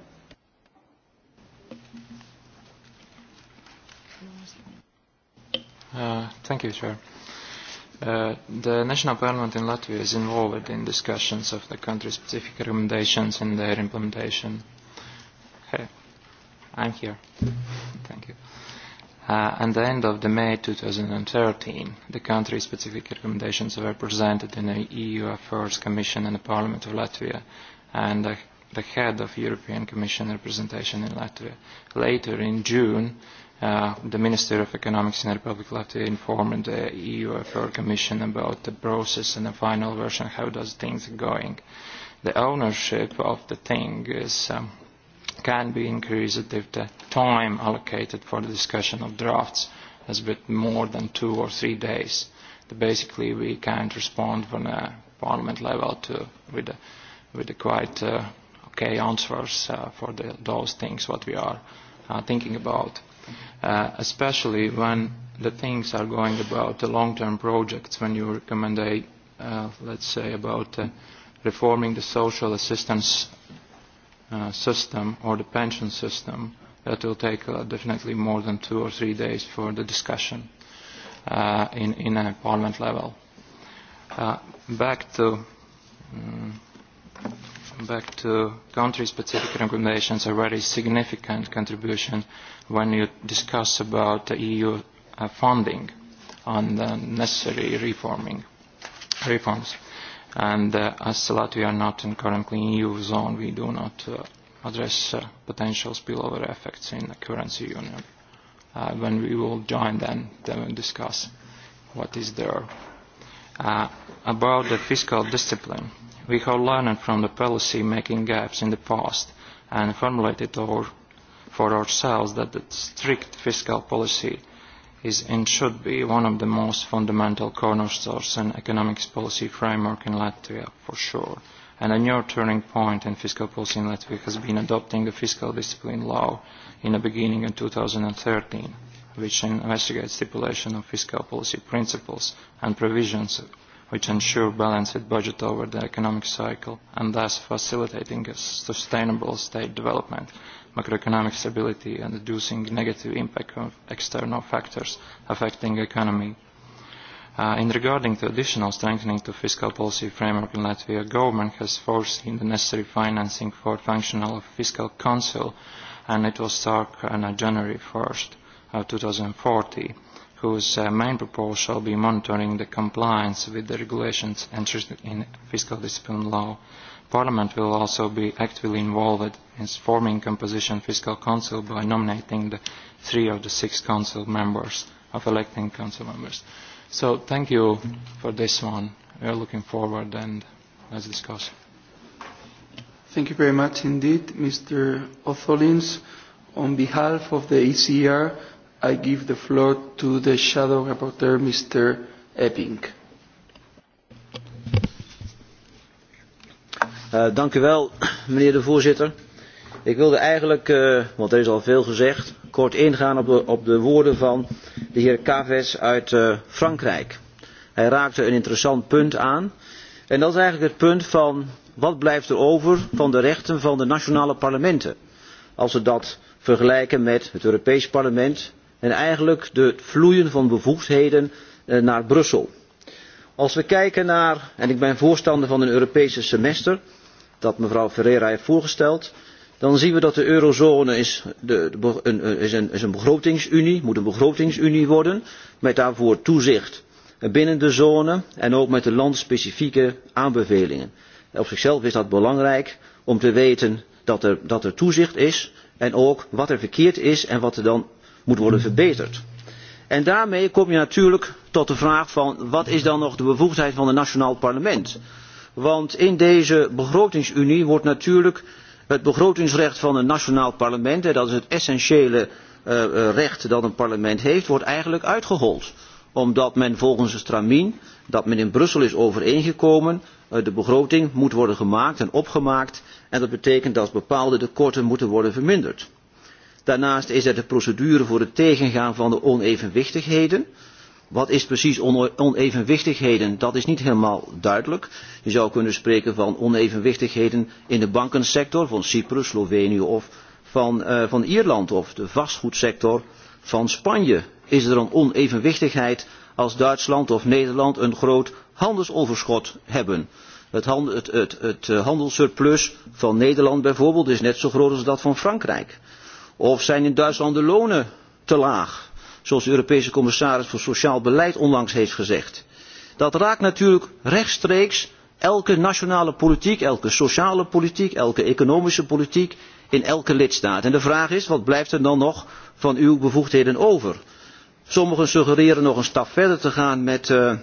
Uh, thank you, Chair. Uh, the National Parliament in Latvia is involved in discussions of the country-specific recommendations and their implementation. Hey, I'm here. Thank you. Uh, at the end of the May 2013, the country-specific recommendations were presented in the EU Affairs Commission and the Parliament of Latvia, and the, the head of European Commission representation in Latvia. Later in June, uh, the Minister of Economics in the Republic of Latvia informed the EU Affairs Commission about the process and the final version, how those things are going. The ownership of the thing is um, can be increased if the time allocated for the discussion of drafts has been more than two or three days. But basically, we can't respond on a parliament level to, with, a, with the quite uh, okay answers uh, for the, those things what we are uh, thinking about, uh, especially when the things are going about the long-term projects, when you recommend a, uh, let's say, about uh, reforming the social assistance Uh, system or the pension system that will take uh, definitely more than two or three days for the discussion uh, in, in a parliament level. Uh, back to um, back to country-specific recommendations, a very significant contribution when you discuss about the EU uh, funding on the necessary reforming, reforms. And uh, as Salat, we are not in currently in EU zone. We do not uh, address uh, potential spillover effects in the currency union. Uh, when we will join them, then we'll discuss what is there. Uh, about the fiscal discipline, we have learned from the policy-making gaps in the past and formulated our, for ourselves that the strict fiscal policy – is and should be one of the most fundamental cornerstones in economics policy framework in Latvia, for sure. And a new turning point in fiscal policy in Latvia has been adopting the fiscal discipline law in the beginning of 2013, which investigates stipulation of fiscal policy principles and provisions which ensure balanced budget over the economic cycle and thus facilitating a sustainable state development macroeconomic stability and reducing negative impact of external factors affecting the economy. Uh, in regarding to additional strengthening to fiscal policy framework in Latvia, government has foreseen the necessary financing for functional fiscal council and it will start on uh, January 1st, uh, 2040 whose uh, main purpose shall be monitoring the compliance with the regulations entered in fiscal discipline law Parliament will also be actively involved in forming composition fiscal council by nominating the three of the six council members of electing council members. So thank you for this one. We are looking forward and let's discuss. Thank you very much indeed, Mr. Otholins. On behalf of the ECR, I give the floor to the shadow rapporteur, Mr. Epping. Uh, dank u wel, meneer de voorzitter. Ik wilde eigenlijk, uh, want er is al veel gezegd, kort ingaan op de, op de woorden van de heer Caves uit uh, Frankrijk. Hij raakte een interessant punt aan. En dat is eigenlijk het punt van wat blijft er over van de rechten van de nationale parlementen. Als we dat vergelijken met het Europees parlement en eigenlijk het vloeien van bevoegdheden naar Brussel. Als we kijken naar, en ik ben voorstander van een Europese semester, dat mevrouw Ferreira heeft voorgesteld, dan zien we dat de eurozone is, de, de, een, is, een, is een begrotingsunie, moet een begrotingsunie worden, met daarvoor toezicht binnen de zone en ook met de landspecifieke aanbevelingen. Op zichzelf is dat belangrijk om te weten dat er, dat er toezicht is en ook wat er verkeerd is en wat er dan moet worden verbeterd. En daarmee kom je natuurlijk tot de vraag van wat is dan nog de bevoegdheid van het nationaal parlement? want in deze begrotingsunie wordt natuurlijk het begrotingsrecht van een nationaal parlement, en dat is het essentiële uh, recht dat een parlement heeft, wordt eigenlijk uitgehold. Omdat men volgens het stramien dat men in Brussel is overeengekomen, uh, de begroting moet worden gemaakt en opgemaakt. En dat betekent dat bepaalde tekorten moeten worden verminderd. Daarnaast is er de procedure voor het tegengaan van de onevenwichtigheden. Wat is precies onevenwichtigheden? Dat is niet helemaal duidelijk. Je zou kunnen spreken van onevenwichtigheden in de bankensector van Cyprus, Slovenië of van, uh, van Ierland of de vastgoedsector van Spanje. Is er een onevenwichtigheid als Duitsland of Nederland een groot handelsoverschot hebben? Het, hand, het, het, het eh, handelsurplus van Nederland bijvoorbeeld is net zo groot als dat van Frankrijk. Of zijn in Duitsland de lonen te laag? zoals de Europese commissaris voor Sociaal Beleid onlangs heeft gezegd. Dat raakt natuurlijk rechtstreeks elke nationale politiek, elke sociale politiek, elke economische politiek in elke lidstaat. En de vraag is, wat blijft er dan nog van uw bevoegdheden over? Sommigen suggereren nog een stap verder te gaan met uh, eh,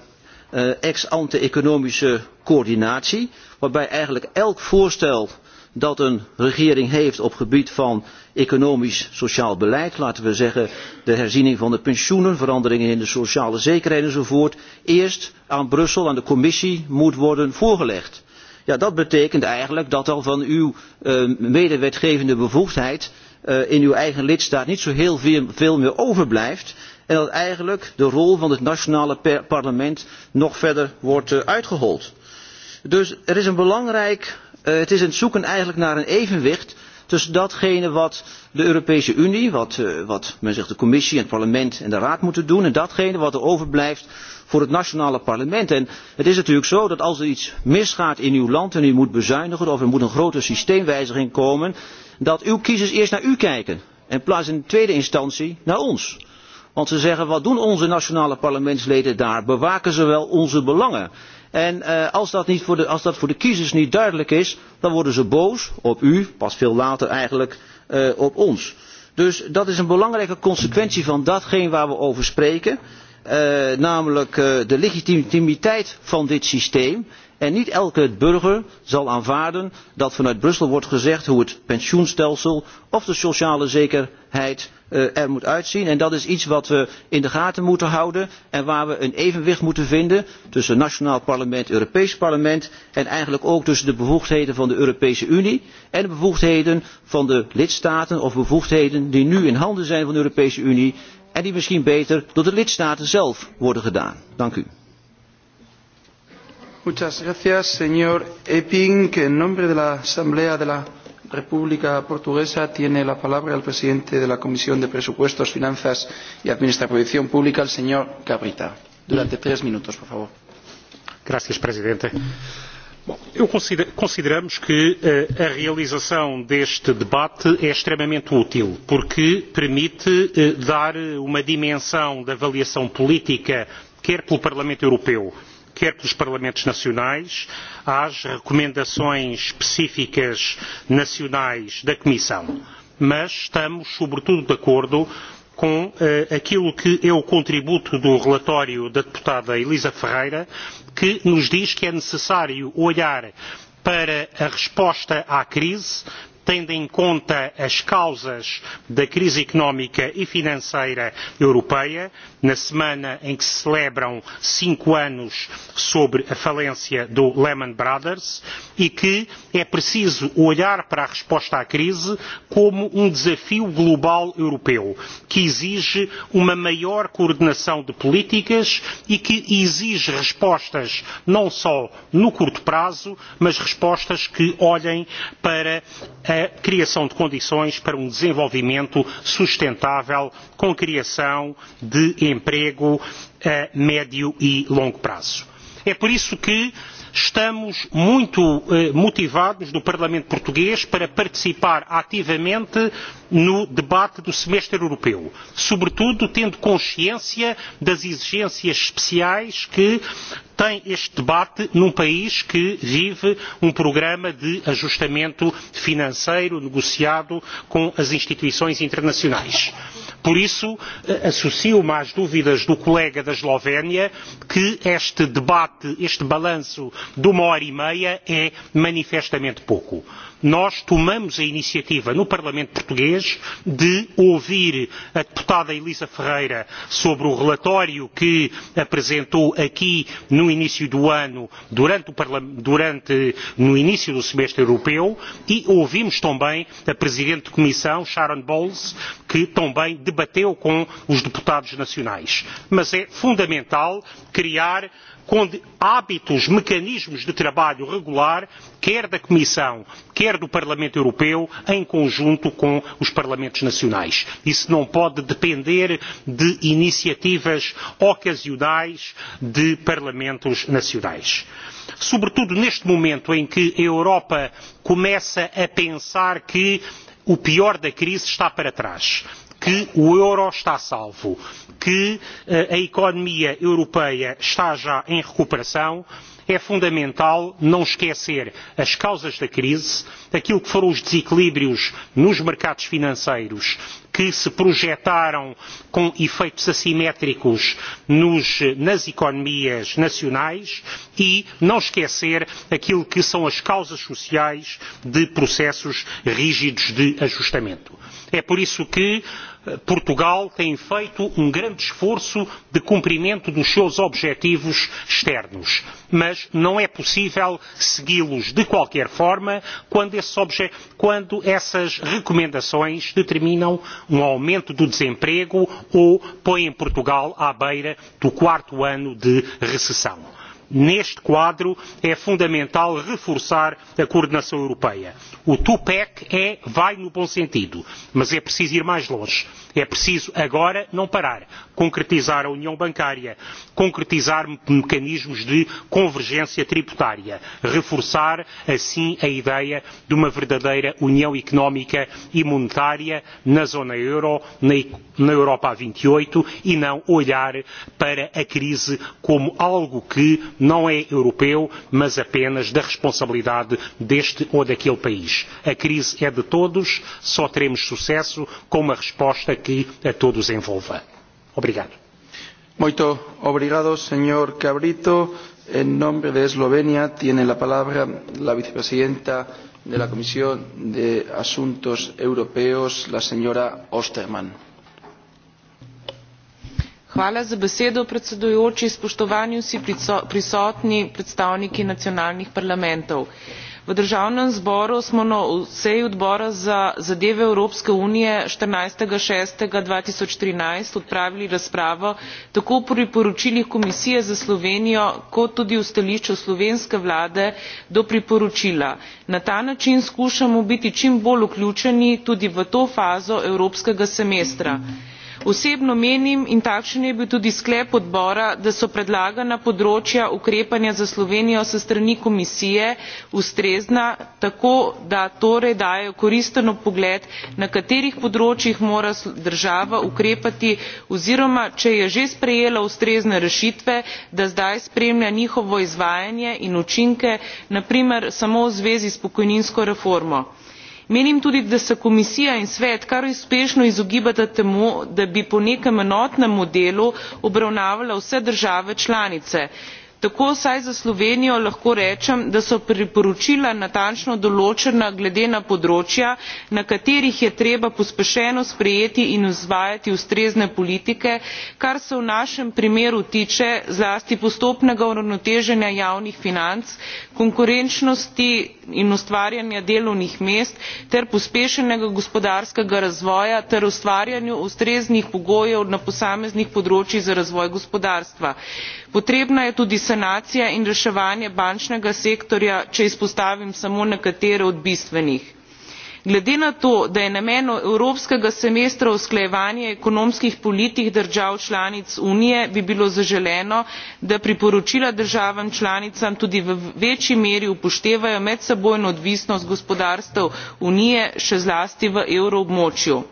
uh, eh, ex-ante-economische coördinatie, waarbij eigenlijk elk voorstel dat een regering heeft op gebied van economisch sociaal beleid, laten we zeggen de herziening van de pensioenen, veranderingen in de sociale zekerheid enzovoort, eerst aan Brussel, aan de commissie moet worden voorgelegd. Ja, dat betekent eigenlijk dat al van uw uh, medewetgevende bevoegdheid uh, in uw eigen lidstaat niet zo heel veel, veel meer overblijft en dat eigenlijk de rol van het nationale parlement nog verder wordt uh, uitgehold. Dus er is een belangrijk Uh, het is een zoeken eigenlijk naar een evenwicht tussen datgene wat de Europese Unie, wat, uh, wat men zegt de commissie, het parlement en de raad moeten doen en datgene wat er overblijft voor het nationale parlement. En het is natuurlijk zo dat als er iets misgaat in uw land en u moet bezuinigen of er moet een grote systeemwijziging komen, dat uw kiezers eerst naar u kijken En plaats in tweede instantie naar ons. Want ze zeggen, wat doen onze nationale parlementsleden daar? Bewaken ze wel onze belangen? En uh, als, dat niet voor de, als dat voor de kiezers niet duidelijk is, dan worden ze boos op u, pas veel later eigenlijk uh, op ons. Dus dat is een belangrijke consequentie van datgene waar we over spreken. Uh, namelijk uh, de legitimiteit van dit systeem. En niet elke burger zal aanvaarden dat vanuit Brussel wordt gezegd hoe het pensioenstelsel of de sociale zekerheid Eh, er moet uitzien. En dat is iets wat we in de gaten moeten houden en waar we een evenwicht moeten vinden tussen nationaal parlement, Europees parlement en eigenlijk ook tussen de bevoegdheden van de Europese Unie en de bevoegdheden van de lidstaten of bevoegdheden die nu in handen zijn van de Europese Unie en die misschien beter door de lidstaten zelf worden gedaan. Dank u. Muchas gracias, señor Epping. En nombre de la Asamblea de la República Portuguesa tiene la palabra el presidente de la Comisión de Presupuestos, Finanzas y Administración Pública, el señor Cabrita. Durante tres minutos, por favor. Gracias, presidente. Bom, eu consider, consideramos que uh, a realização deste debate é extremamente útil, porque permite uh, dar uma dimensão da avaliação política, quer pelo Parlamento Europeu, quer pelos Parlamentos Nacionais, às recomendações específicas nacionais da Comissão. Mas estamos, sobretudo, de acordo com uh, aquilo que é o contributo do relatório da deputada Elisa Ferreira, que nos diz que é necessário olhar para a resposta à crise, tendo em conta as causas da crise económica e financeira europeia, na semana em que se celebram cinco anos sobre a falência do Lehman Brothers, e que é preciso olhar para a resposta à crise como um desafio global europeu, que exige uma maior coordenação de políticas e que exige respostas não só no curto prazo, mas respostas que olhem para a a criação de condições para um desenvolvimento sustentável com criação de emprego a eh, médio e longo prazo. É por isso que estamos muito eh, motivados no Parlamento Português para participar ativamente no debate do semestre europeu, sobretudo tendo consciência das exigências especiais que tem este debate num país que vive um programa de ajustamento financeiro negociado com as instituições internacionais. Por isso, associo mais às dúvidas do colega da Eslovénia que este debate, este balanço de uma hora e meia é manifestamente pouco nós tomamos a iniciativa no Parlamento Português de ouvir a deputada Elisa Ferreira sobre o relatório que apresentou aqui no início do ano, durante, o durante no início do semestre europeu, e ouvimos também a Presidente de Comissão, Sharon Bowles, que também debateu com os deputados nacionais. Mas é fundamental criar com hábitos, mecanismos de trabalho regular, quer da Comissão, quer do Parlamento Europeu, em conjunto com os Parlamentos Nacionais. Isso não pode depender de iniciativas ocasionais de Parlamentos Nacionais. Sobretudo neste momento em que a Europa começa a pensar que o pior da crise está para trás, que o euro está salvo que eh, a economia europeia está já em recuperação, é fundamental não esquecer as causas da crise, aquilo que foram os desequilíbrios nos mercados financeiros que se projetaram com efeitos assimétricos nos, nas economias nacionais e não esquecer aquilo que são as causas sociais de processos rígidos de ajustamento. É por isso que eh, Portugal tem feito um grande esforço de cumprimento dos seus objetivos externos, mas não é possível segui-los de qualquer forma quando, quando essas recomendações determinam um aumento do desemprego ou põem Portugal à beira do quarto ano de recessão. Neste quadro, é fundamental reforçar a coordenação europeia. O TUPEC é, vai no bom sentido, mas é preciso ir mais longe. É preciso agora não parar concretizar a união bancária, concretizar mecanismos de convergência tributária, reforçar assim a ideia de uma verdadeira união económica e monetária na zona euro, na e, Europa a 28 e, e não olhar para a crise como algo que não é europeu, mas apenas da responsabilidade deste ou daquele país. A crise é de todos, só teremos sucesso com uma resposta que a todos envolva. Obrigado. Moito obrigado, señor Cabrito. En nombre de Eslovenia tiene la palabra la vicepresidenta de la Comisión de Asuntos Europeos, la señora Osterman. Hvala za besedo, predsedujoči, spoštovani vsi prisotni predstavniki nacionalnih parlamentov V državnem zboru smo na seji odbora za zadeve Evropske unije 14.6.2013 odpravili razpravo tako o priporočilih Komisije za Slovenijo kot tudi o stališču slovenske vlade do priporočila. Na ta način skušamo biti čim bolj vključeni tudi v to fazo evropskega semestra. Osebno menim in takšen je bil tudi sklep odbora, da so predlagana področja ukrepanja za Slovenijo se strani komisije ustrezna, tako da torej dajo koristen pogled, na katerih področjih mora država ukrepati oziroma, če je že sprejela ustrezne rešitve, da zdaj spremlja njihovo izvajanje in učinke, na primer samo v zvezi s pokojninsko reformo Menim tudi, da se komisija in svet kar uspešno izogibata temu, da bi po nekem enotnem modelu obravnavala vse države članice. Tako saj za Slovenijo lahko rečem, da so priporočila natančno določena glede na področja, na katerih je treba pospešeno sprejeti in izvajati ustrezne politike, kar se v našem primeru tiče zlasti postopnega uravnoteženja javnih financ, konkurenčnosti in ustvarjanja delovnih mest ter pospešenega gospodarskega razvoja ter ustvarjanju ustreznih pogojev na posameznih področjih za razvoj gospodarstva. Potrebna je tudi sanacija in reševanje bančnega sektorja, če izpostavim samo nekatere od bistvenih. Glede na to, da je namen evropskega semestra usklajevanje ekonomskih politik držav članic Unije, bi bilo zaželeno, da priporočila državam članicam tudi v večji meri upoštevajo medsebojno odvisnost gospodarstev Unije, še zlasti v evroobmočju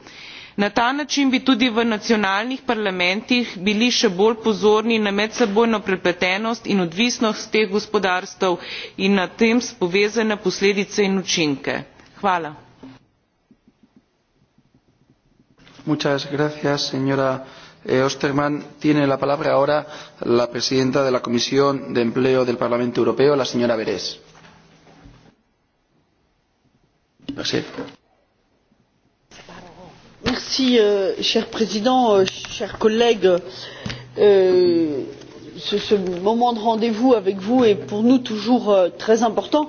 Na ta način bi tudi v nacionalnih parlamentih bili še bolj pozorni na medsebojno prepletenost in odvisnost teh gospodarstev in na tem povezane posledice in učinke. Hvala. Muchas gracias, señora eh, Osterman. Tiene la palabra ahora la presidenta de la Comisión de Empleo del Parlamento Europeo, la señora Berès. Gracias. Merci, euh, cher Président, euh, chers collègues. Euh, ce, ce moment de rendez-vous avec vous est pour nous toujours euh, très important.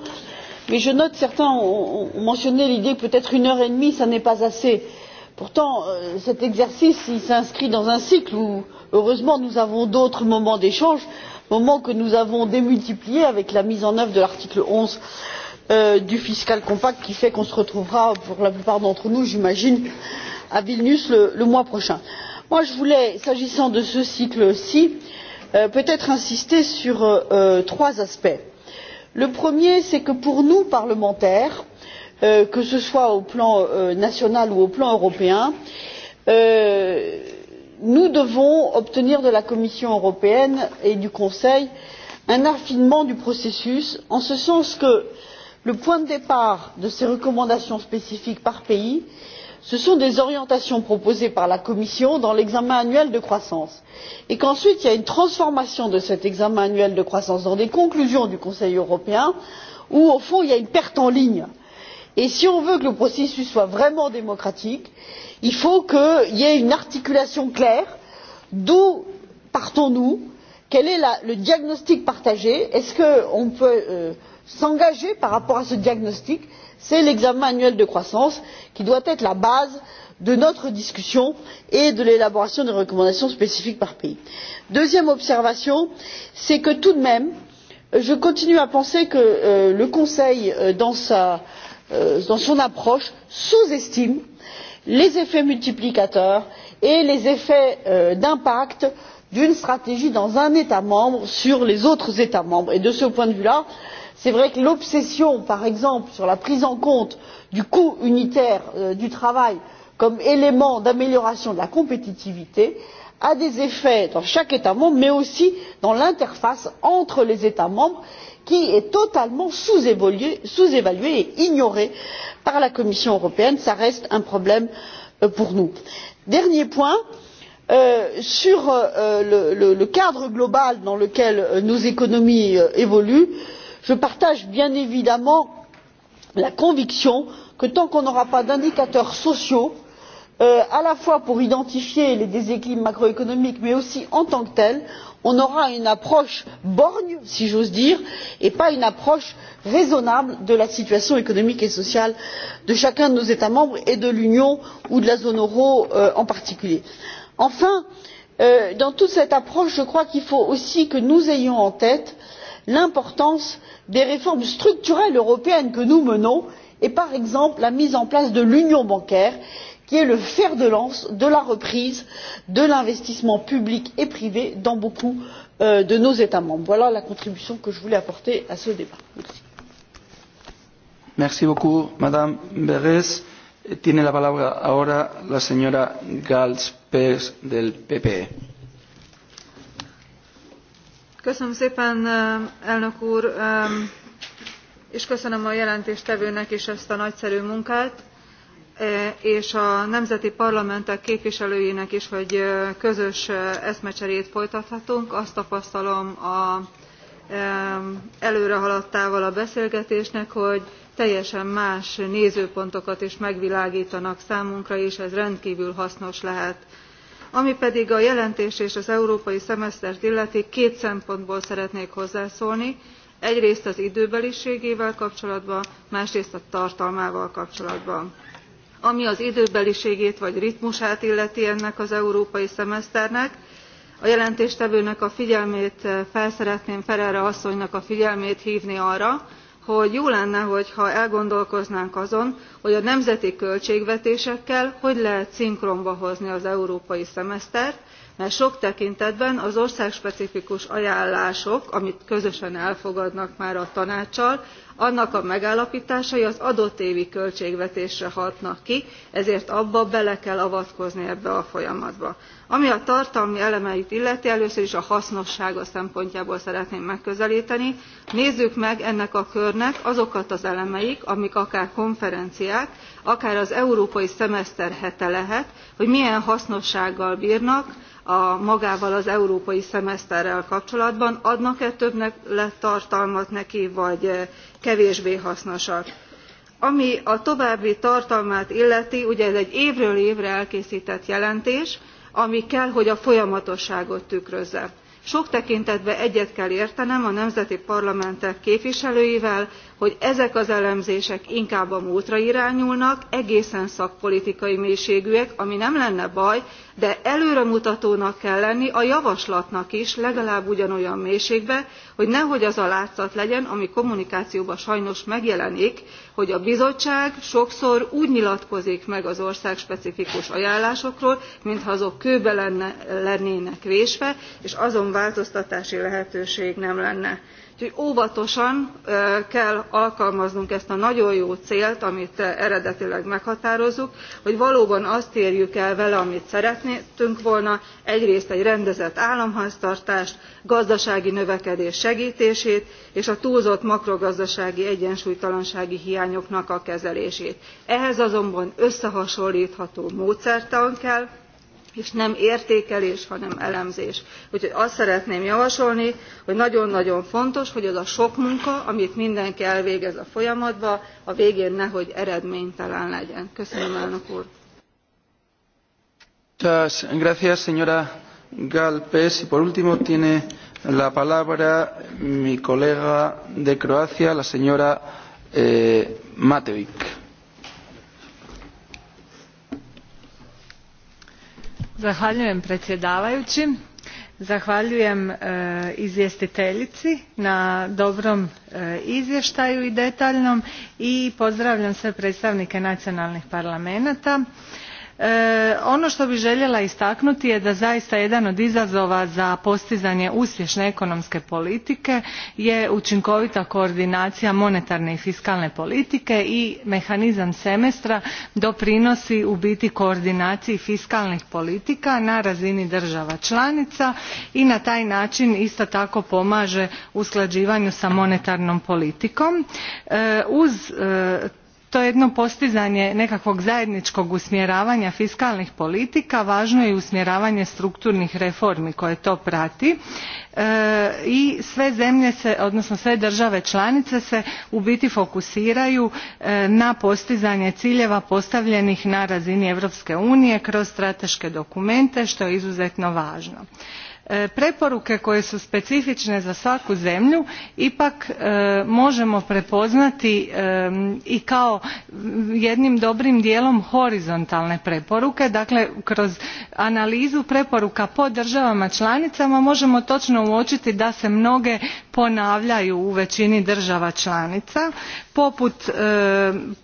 Mais je note certains ont, ont mentionné l'idée que peut-être une heure et demie, ça n'est pas assez. Pourtant, euh, cet exercice, il s'inscrit dans un cycle où, heureusement, nous avons d'autres moments d'échange, moments que nous avons démultipliés avec la mise en œuvre de l'article 11 euh, du fiscal compact qui fait qu'on se retrouvera, pour la plupart d'entre nous, j'imagine, à vilnius le, le mois prochain. Moi, je voulais s'agissant de ce cycle ci euh, peut être insister sur euh, euh, trois aspects. le premier c'est que pour nous parlementaires euh, que ce soit au plan euh, national ou au plan européen euh, nous devons obtenir de la commission européenne et du conseil un affinement du processus en ce sens que le point de départ de ces recommandations spécifiques par pays ce sont des orientations proposées par la commission dans l'examen annuel de croissance et qu'ensuite il y a une transformation de cet examen annuel de croissance dans des conclusions du conseil européen où au fond il y a une perte en ligne. et si on veut que le processus soit vraiment démocratique il faut qu'il y ait une articulation claire d'où partons nous quel est la, le diagnostic partagé Est-ce qu'on peut euh, s'engager par rapport à ce diagnostic C'est l'examen annuel de croissance qui doit être la base de notre discussion et de l'élaboration des recommandations spécifiques par pays. Deuxième observation, c'est que tout de même, je continue à penser que euh, le Conseil, euh, dans, sa, euh, dans son approche, sous-estime les effets multiplicateurs et les effets euh, d'impact d'une stratégie dans un état membre sur les autres états membres. Et de ce point de vue là c'est vrai que l'obsession par exemple sur la prise en compte du coût unitaire euh, du travail comme élément d'amélioration de la compétitivité a des effets dans chaque état membre mais aussi dans l'interface entre les états membres qui est totalement sous évaluée et ignorée par la commission européenne. cela reste un problème euh, pour nous. dernier point euh, Euh, sur euh, le, le, le cadre global dans lequel euh, nos économies évoluent je partage bien évidemment la conviction que tant qu'on n'aura pas d'indicateurs sociaux à la fois pour identifier les déséquilibres macroéconomiques mais aussi en tant que tels on aura une approche borgne si j'ose dire et pas une approche raisonnable de la situation économique et sociale de chacun de nos états membres et de l'union ou de la zone euro en particulier enfin euh, dans toute cette approche je crois qu'il faut aussi que nous ayons en tête l'importance des réformes structurelles européennes que nous menons et par exemple la mise en place de l'union bancaire qui est le fer de lance de la reprise de l'investissement public et privé dans beaucoup euh, de nos états membres. voilà la contribution que je voulais apporter à ce débat. merci. merci beaucoup madame berès. Eh, tiene la palabra ahora la señora Gals Pérez del PPE. Köszönöm szépen, eh, elnök úr, eh, és köszönöm a jelentéstevőnek is ezt a nagyszerű munkát, és a nemzeti parlamentek képviselőinek is, hogy közös eszmecserét folytathatunk. Azt tapasztalom a előrehaladtával a beszélgetésnek, hogy teljesen más nézőpontokat is megvilágítanak számunkra, és ez rendkívül hasznos lehet. Ami pedig a jelentés és az európai szemesztert illeti, két szempontból szeretnék hozzászólni. Egyrészt az időbeliségével kapcsolatban, másrészt a tartalmával kapcsolatban. Ami az időbeliségét vagy ritmusát illeti ennek az európai szemeszternek, a jelentéstevőnek a figyelmét, eh, felszeretném, szeretném asszonynak a figyelmét hívni arra, hogy jó lenne, hogyha elgondolkoznánk azon, hogy a nemzeti költségvetésekkel hogy lehet szinkronba hozni az európai szemesztert, mert sok tekintetben az országspecifikus ajánlások amit közösen elfogadnak már a tanáccsal annak a megállaptásai az adott évi költségvetésre hatnak ki ezért abba bele kell avatkozni ebbe a folyamatba. ami a tartalmi elemeit illeti először is a hasznossága szempontjából szeretném megközelteni nézzük meg ennek a körnek azokat az elemeik amik akár konferenciák akár az európai szemeszter hete lehet hogy milyen hasznossággal brnak a magával az európai szemeszterrel kapcsolatban adnak-e többnek lett tartalmat neki, vagy eh, kevésbé hasznosak. Ami a további tartalmát illeti, ugye ez egy évről évre elkészített jelentés, ami kell, hogy a folyamatosságot tükrözze. Sok tekintetben egyet kell értenem a nemzeti parlamentek képviselőivel, hogy ezek az elemzések inkább a múltra irányulnak, egészen szakpolitikai mélységűek, ami nem lenne baj, de előremutatónak kell lenni a javaslatnak is legalább ugyanolyan mélységbe, hogy nehogy az a látszat legyen, ami kommunikációban sajnos megjelenik, hogy a bizottság sokszor úgy nyilatkozik meg az ország specifikus ajánlásokról, mintha azok kőbe lenne, lennének vésve, és azon változtatási lehetőség nem lenne. Úgyhogy óvatosan kell alkalmaznunk ezt a nagyon jó célt, amit eredetileg meghatározunk, hogy valóban azt érjük el vele, amit szeretnénk volna, egyrészt egy rendezett államháztartást, gazdasági növekedés segítését és a túlzott makrogazdasági egyensúlytalansági hiányoknak a kezelését. Ehhez azonban összehasonlítható módszertan kell, és nem értékelés, hanem elemzés. Úgyhogy azt szeretném javasolni, hogy nagyon-nagyon fontos, hogy az a sok munka, amit mindenki elvégez a folyamatba, a végén nehogy eredménytelen legyen. Köszönöm, elnök úr. Muchas gracias, señora Galpes. Y por último tiene la palabra mi colega de Croacia, la señora eh, Matevic. Zahvaljujem predsjedavajući. Zahvaljujem e, izvjestiteljici na dobrom e, izvještaju i detaljnom i pozdravljam sve predstavnike nacionalnih parlamenata E, ono što bih željela istaknuti je da zaista jedan od izazova za postizanje uspješne ekonomske politike je učinkovita koordinacija monetarne i fiskalne politike i mehanizam semestra doprinosi u biti koordinaciji fiskalnih politika na razini država članica i na taj način isto tako pomaže usklađivanju sa monetarnom politikom. E, uz e, to jedno postizanje nekakvog zajedničkog usmjeravanja fiskalnih politika važno je i usmjeravanje strukturnih reformi koje to prati e, i sve zemlje se odnosno sve države članice se u biti fokusiraju e, na postizanje ciljeva postavljenih na razini europske unije kroz strateške dokumente što je izuzetno važno. E, preporuke koje su specifične za svaku zemlju ipak e, možemo prepoznati e, i kao jednim dobrim dijelom horizontalne preporuke dakle kroz analizu preporuka po državama članicama možemo točno uočiti da se mnoge ponavljaju u većini država članica poput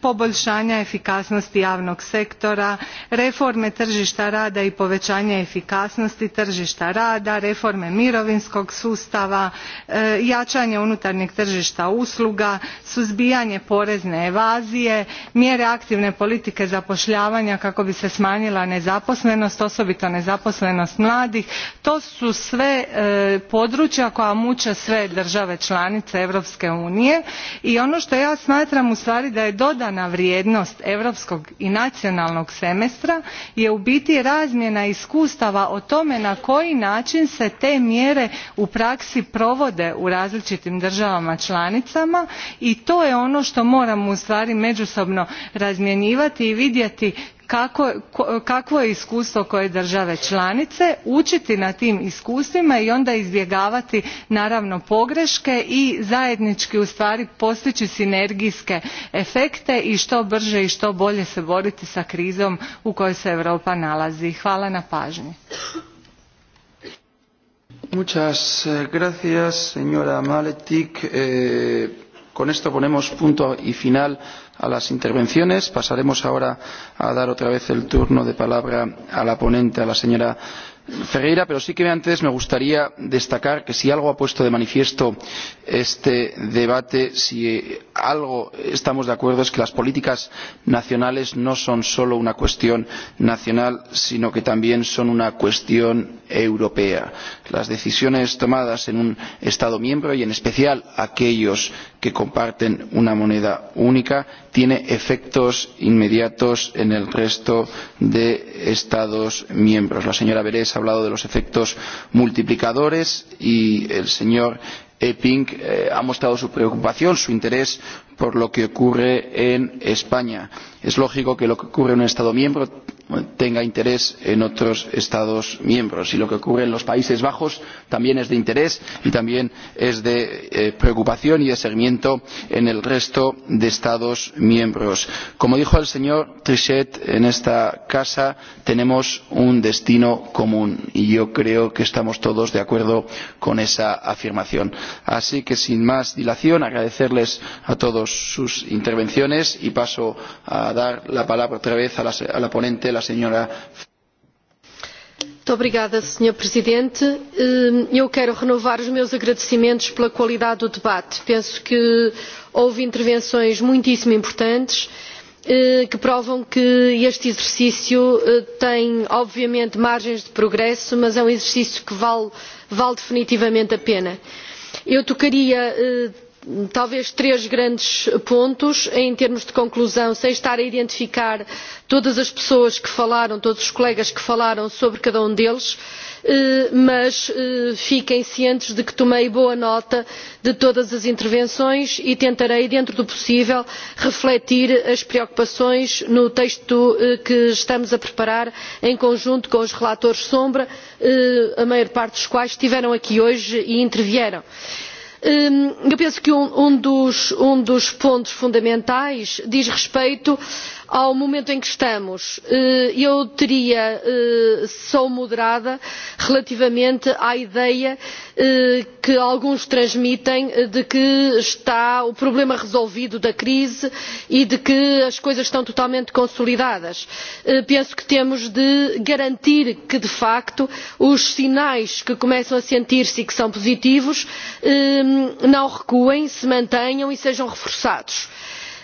poboljšanja efikasnosti javnog sektora reforme tržišta rada i povećanja efikasnosti tržišta rada reforme mirovinskog sustava e, jačanje unutarnjeg tržišta usluga suzbijanje porezne evazije mjere aktivne politike zapošljavanja kako bi se smanjila nezaposlenost osobito nezaposlenost mladih to su sve e, područja koja muče sve države članice europske unije i ono što ja smatram ustvari da je dodana vrijednost europskog i nacionalnog semestra je u biti razmjena iskustava o tome na koji način način se te mjere u praksi provode u različitim državama članicama i to je ono što moramo ustvari međusobno razmjenjivati i vidjeti kakvo je iskustvo koje države članice učiti na tim iskustvima i onda izbjegavati naravno pogreške i zajednički ustvari postići sinergijske efekte i što brže i što bolje se boriti sa krizom u kojoj se europa nalazi. hvala na pažnji. Muchas eh, gracias, señora Maletic. Eh, con esto ponemos punto y final a las intervenciones. Pasaremos ahora a dar otra vez el turno de palabra a la ponente, a la señora Ferreira, pero sí que antes me gustaría destacar que si algo ha puesto de manifiesto este debate, si eh, algo estamos de acuerdo es que las políticas nacionales no son solo una cuestión nacional, sino que también son una cuestión europea. Las decisiones tomadas en un Estado miembro y en especial aquellos que comparten una moneda única tiene efectos inmediatos en el resto de Estados miembros. La señora Beres ha hablado de los efectos multiplicadores y el señor Epping eh, ha mostrado su preocupación, su interés por lo que ocurre en España. Es lógico que lo que ocurre en un Estado miembro tenga interés en otros Estados miembros. Y lo que ocurre en los Países Bajos también es de interés y también es de eh, preocupación y de seguimiento en el resto de Estados miembros. Como dijo el señor Trichet en esta casa, tenemos un destino común y yo creo que estamos todos de acuerdo con esa afirmación. Así que sin más dilación, agradecerles a todos todas sus intervenciones y paso a dar la palabra otra vez a la, a la ponente, la señora. Muito obrigada, Sr. Presidente. Eu quero renovar os meus agradecimentos pela qualidade do debate. Penso que houve intervenções muitíssimo importantes eh, que provam que este exercício eh, tem, obviamente, margens de progresso, mas é um exercício que vale, vale definitivamente a pena. Eu tocaria eh, talvez três grandes pontos em termos de conclusão, sem estar a identificar todas as pessoas que falaram, todos os colegas que falaram sobre cada um deles, eh, mas eh, fiquem cientes de que tomei boa nota de todas as intervenções e tentarei, dentro do possível, refletir as preocupações no texto eh, que estamos a preparar em conjunto com os relatores sombra, a maior parte dos quais estiveram aqui hoje e intervieram. Eu penso que um, um, dos, um dos pontos fundamentais diz respeito ao momento em que estamos, eh, eu teria, eh, sou moderada relativamente à ideia eh, que alguns transmitem de que está o problema resolvido da crise e de que as coisas estão totalmente consolidadas. Penso que temos de garantir que, de facto, os sinais que começam a sentir-se e que são positivos não recuem, se mantenham e sejam reforçados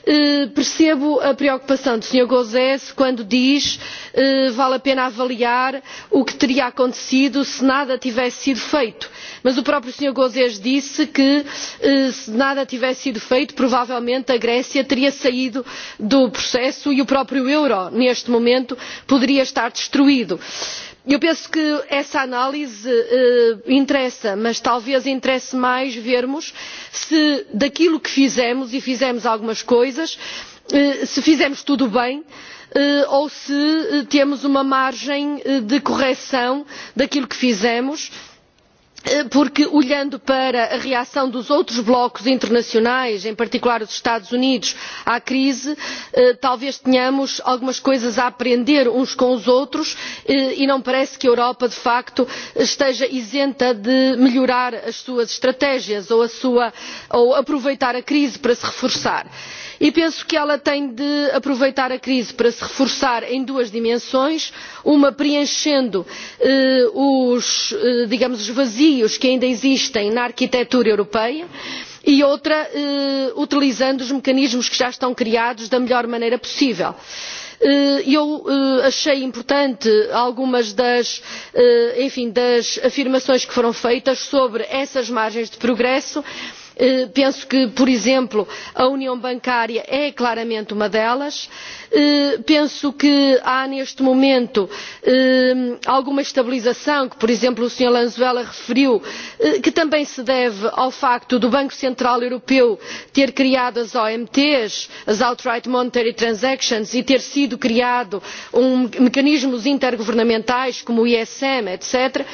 Eh, percebo a preocupação do Sr. Gozés quando diz que eh, vale a pena avaliar o que teria acontecido se nada tivesse sido feito. Mas o próprio Sr. Gozés disse que eh, se nada tivesse sido feito, provavelmente a Grécia teria saído do processo e o próprio euro, neste momento, poderia estar destruído eu penso que essa análise uh, interessa mas talvez interesse mais vermos se daquilo que fizemos e fizemos algumas coisas uh, se fizemos tudo bem eh, ou se temos uma margem de correção daquilo que fizemos uh, Eh, porque olhando para a reação dos outros blocos internacionais em particular os estados unidos à crise eh, talvez tenhamos algumas coisas a aprender uns com os outros eh, e não parece que a europa de facto esteja isenta de melhorar as suas estratégias ou, a sua, ou aproveitar a crise para se reforçar e penso que ela tem de aproveitar a crise para se reforçar em duas dimensões uma preenchendo eh, os, eh, digamos, os vazios que ainda existem na arquitetura europeia e outra eh, utilizando os mecanismos que já estão criados da melhor maneira possível eh, eu eh, achei importante algumas das, eh, enfim, das afirmações que foram feitas sobre essas margens de progresso Eh, penso que, por exemplo, a União Bancária é claramente uma delas. Eh, penso que há neste momento eh, alguma estabilização, que por exemplo o Sr. Lanzuela referiu, eh, que também se deve ao facto do Banco Central Europeu ter criado as OMTs, as Outright Monetary Transactions, e ter sido criado um, mecanismos intergovernamentais como o ISM, etc.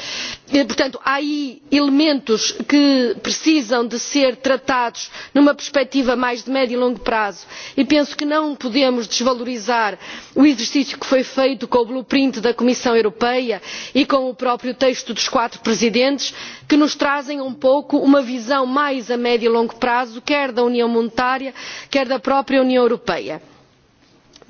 Portanto, há aí elementos que precisam de ser tratados numa perspectiva mais de médio e longo prazo. E penso que não podemos desvalorizar valorizar o exercício que foi feito com o blueprint da Comissão Europeia e com o próprio texto dos quatro presidentes, que nos trazem um pouco uma visão mais a médio e longo prazo, quer da União Monetária, quer da própria União Europeia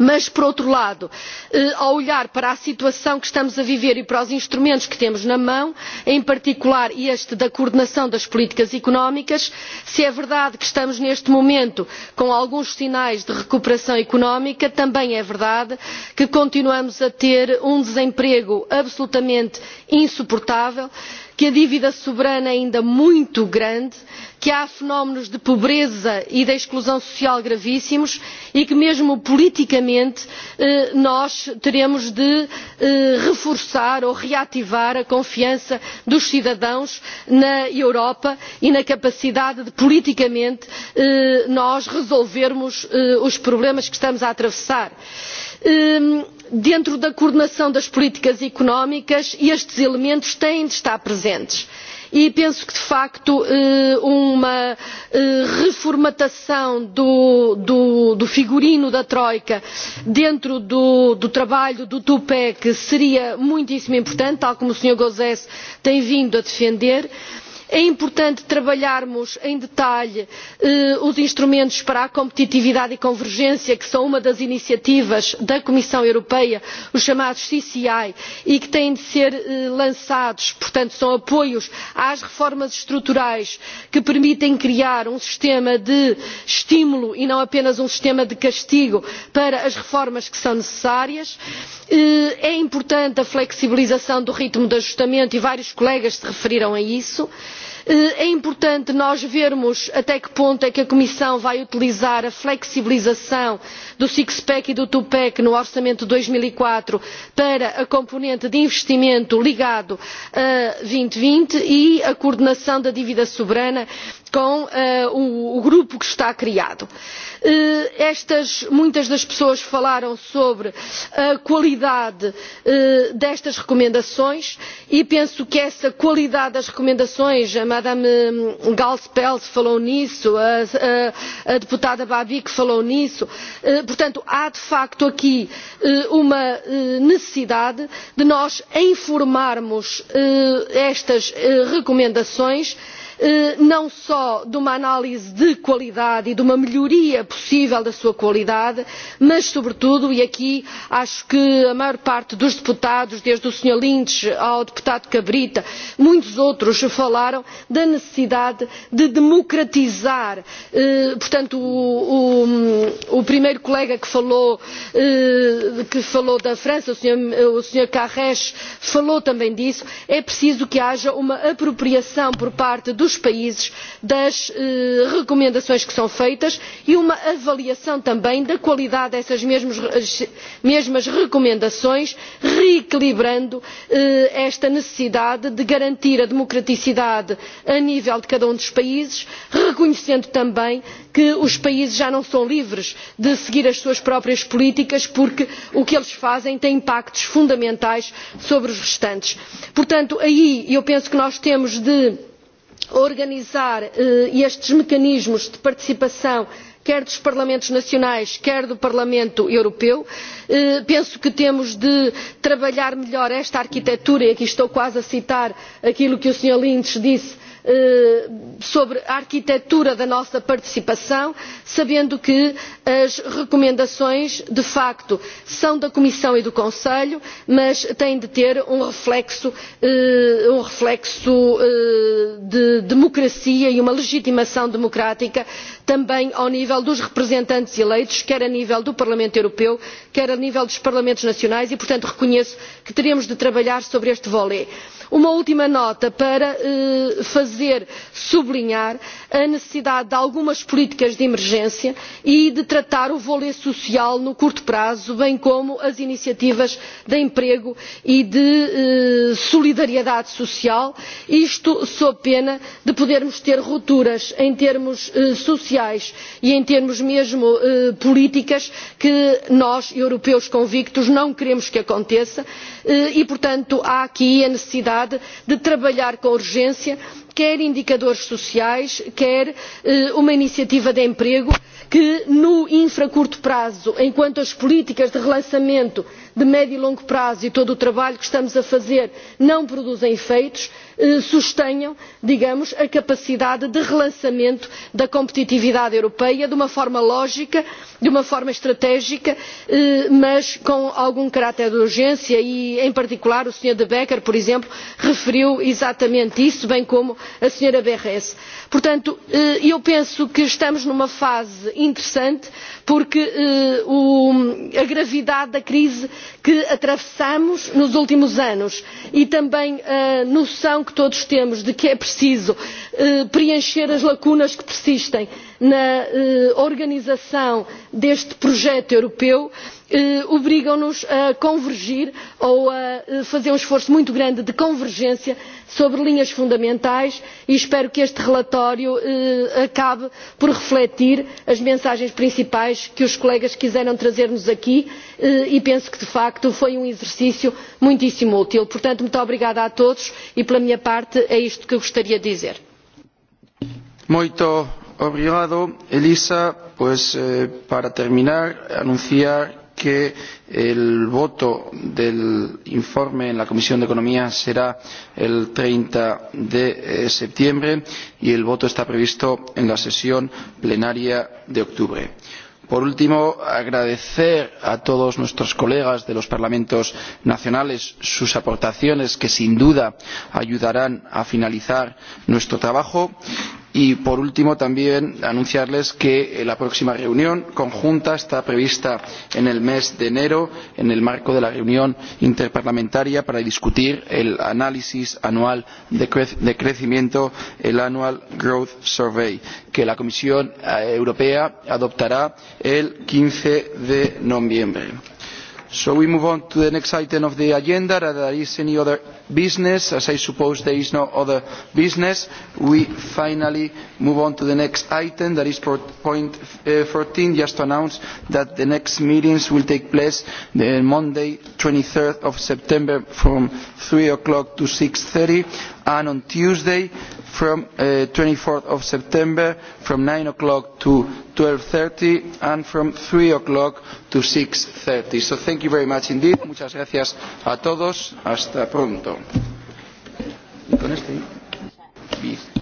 mas por outro lado eh, ao olhar para a situação que estamos a viver e para os instrumentos que temos na mão em particular este da coordenação das políticas económicas se é verdade que estamos neste momento com alguns sinais de recuperação económica também é verdade que continuamos a ter um desemprego absolutamente insuportável que que a dívida soberana é ainda muito grande, que há fenómenos de pobreza e de exclusão social gravíssimos e que mesmo politicamente eh, nós teremos de eh, reforçar ou reativar a confiança dos cidadãos na Europa e na capacidade de politicamente eh, nós resolvermos os problemas que estamos a atravessar ehm, dentro da coordenação das políticas económicas, e estes elementos têm de estar presentes. E penso que, de facto, eh, uma eh, reformatação do, do, do figurino da Troika dentro do, do trabalho do TUPEC seria muitíssimo importante, tal como o Sr. Gozés tem vindo a defender. É importante trabalharmos em detalhe eh, os instrumentos para a competitividade e convergência, que são uma das iniciativas da Comissão Europeia, os chamados CCI, e que têm de ser eh, lançados, portanto, são apoios às reformas estruturais que permitem criar um sistema de estímulo e não apenas um sistema de castigo para as reformas que são necessárias. Eh, é importante a flexibilização do ritmo de ajustamento e vários colegas se referiram a isso. Eh, é importante nós vermos até que ponto é que a Comissão vai utilizar a flexibilização do six-pack e do two-pack no orçamento de dois mil e quatro para a componente de investimento ligado a dois mil e vinte e a coordenação da dívida soberana com uh, o, o grupo que está criado. Uh, estas, muitas das pessoas falaram sobre a qualidade uh, destas recomendações e penso que essa qualidade das recomendações, a Madame Galspels falou nisso, a, a, a deputada Babi que falou nisso, uh, portanto há de facto aqui uh, uma uh, necessidade de nós informarmos uh, estas uh, recomendações Eh, não só de uma análise de qualidade e de uma melhoria possível da sua qualidade, mas sobretudo, e aqui acho que a maior parte dos deputados, desde o Sr. Lynch ao deputado Cabrita, muitos outros falaram da necessidade de democratizar, eh, portanto, o, o, o primeiro colega que falou, eh, que falou da França, o Sr. O Sr. Carres, falou também disso, é preciso que haja uma apropriação por parte dos dos países das eh, recomendações que são feitas e uma avaliação também da qualidade dessas mesmas recomendações reequilibrando eh, esta necessidade de garantir a democraticidade a nível de cada um dos países reconhecendo também que os países já não são livres de seguir as suas próprias políticas porque o que eles fazem tem impactos fundamentais sobre os restantes. portanto aí eu penso que nós temos de organizar eh, estes mecanismos de participação quer dos Parlamentos Nacionais, quer do Parlamento Europeu. Eh, penso que temos de trabalhar melhor esta arquitetura, e aqui estou quase a citar aquilo que o Sr. Lynch disse Eh, sobre a arquitetura da nossa participação, sabendo que as recomendações, de facto, são da Comissão e do Conselho, mas têm de ter um reflexo, eh, um reflexo eh, de democracia e uma legitimação democrática também ao nível dos representantes eleitos, quer a nível do Parlamento Europeu, quer a nível dos Parlamentos Nacionais, e, portanto, reconheço que teremos de trabalhar sobre este volet. Uma última nota para eh, fazer sublinhar a necessidade de algumas políticas de emergência e de tratar o vôlei social no curto prazo, bem como as iniciativas de emprego e de eh, solidariedade social, isto sob pena de podermos ter rupturas em termos eh, sociais e em termos mesmo eh, políticas que nós, europeus convictos, não queremos que aconteça eh, e, portanto, há aqui a necessidade necessidade de trabalhar com urgência quer indicadores sociais quer eh, uma iniciativa de emprego que no infracurto prazo enquanto as políticas de relançamento de médio e longo prazo e todo o trabalho que estamos a fazer não produzem efeitos eh, sustenham digamos a capacidade de relançamento da competitividade europeia de uma forma lógica e de uma forma estratégica, eh, mas com algum caráter de urgência e, em particular, o Sr. de Becker, por exemplo, referiu exatamente isso, bem como a Sra. Berres. Portanto, eh, eu penso que estamos numa fase interessante porque eh, a gravidade da crise que atravessamos nos últimos anos e também a noção que todos temos de que é preciso preencher as lacunas que persistem na eh, organização deste projeto europeu eh, obrigam-nos a convergir ou a eh, fazer um esforço muito grande de convergência sobre linhas fundamentais e espero que este relatório acabe por refletir as mensagens principais que os colegas quiseram trazer-nos aqui e penso que de facto foi um exercício muitíssimo útil. Portanto, muito obrigada a todos e pela minha parte é isto que eu gostaria de dizer. Muito Obrigado, Elisa. Pues eh, para terminar, anunciar que el voto del informe en la Comisión de Economía será el 30 de eh, septiembre y el voto está previsto en la sesión plenaria de octubre. Por último, agradecer a todos nuestros colegas de los parlamentos nacionales sus aportaciones que sin duda ayudarán a finalizar nuestro trabajo Y por último, también anunciarles que eh, la próxima reunión conjunta está prevista en el mes de enero en el marco de la reunión interparlamentaria para discutir el análisis anual de, cre de crecimiento, el Annual Growth Survey, que la Comisión eh, Europea adoptará el quince de noviembre. So we move on to the next item of the agenda. That there is any other business, as I suppose there is no other business. We finally move on to the next item, that is point uh, 14, just to announce that the next meetings will take place on Monday, 23rd of September from 3 o'clock to 6.30 and on Tuesday from uh, 24th of September from 9 o'clock to 12.30 and from 3 o'clock to 6.30. So thank you very much indeed. Muchas gracias a todos. Hasta pronto. Y con este... Bien.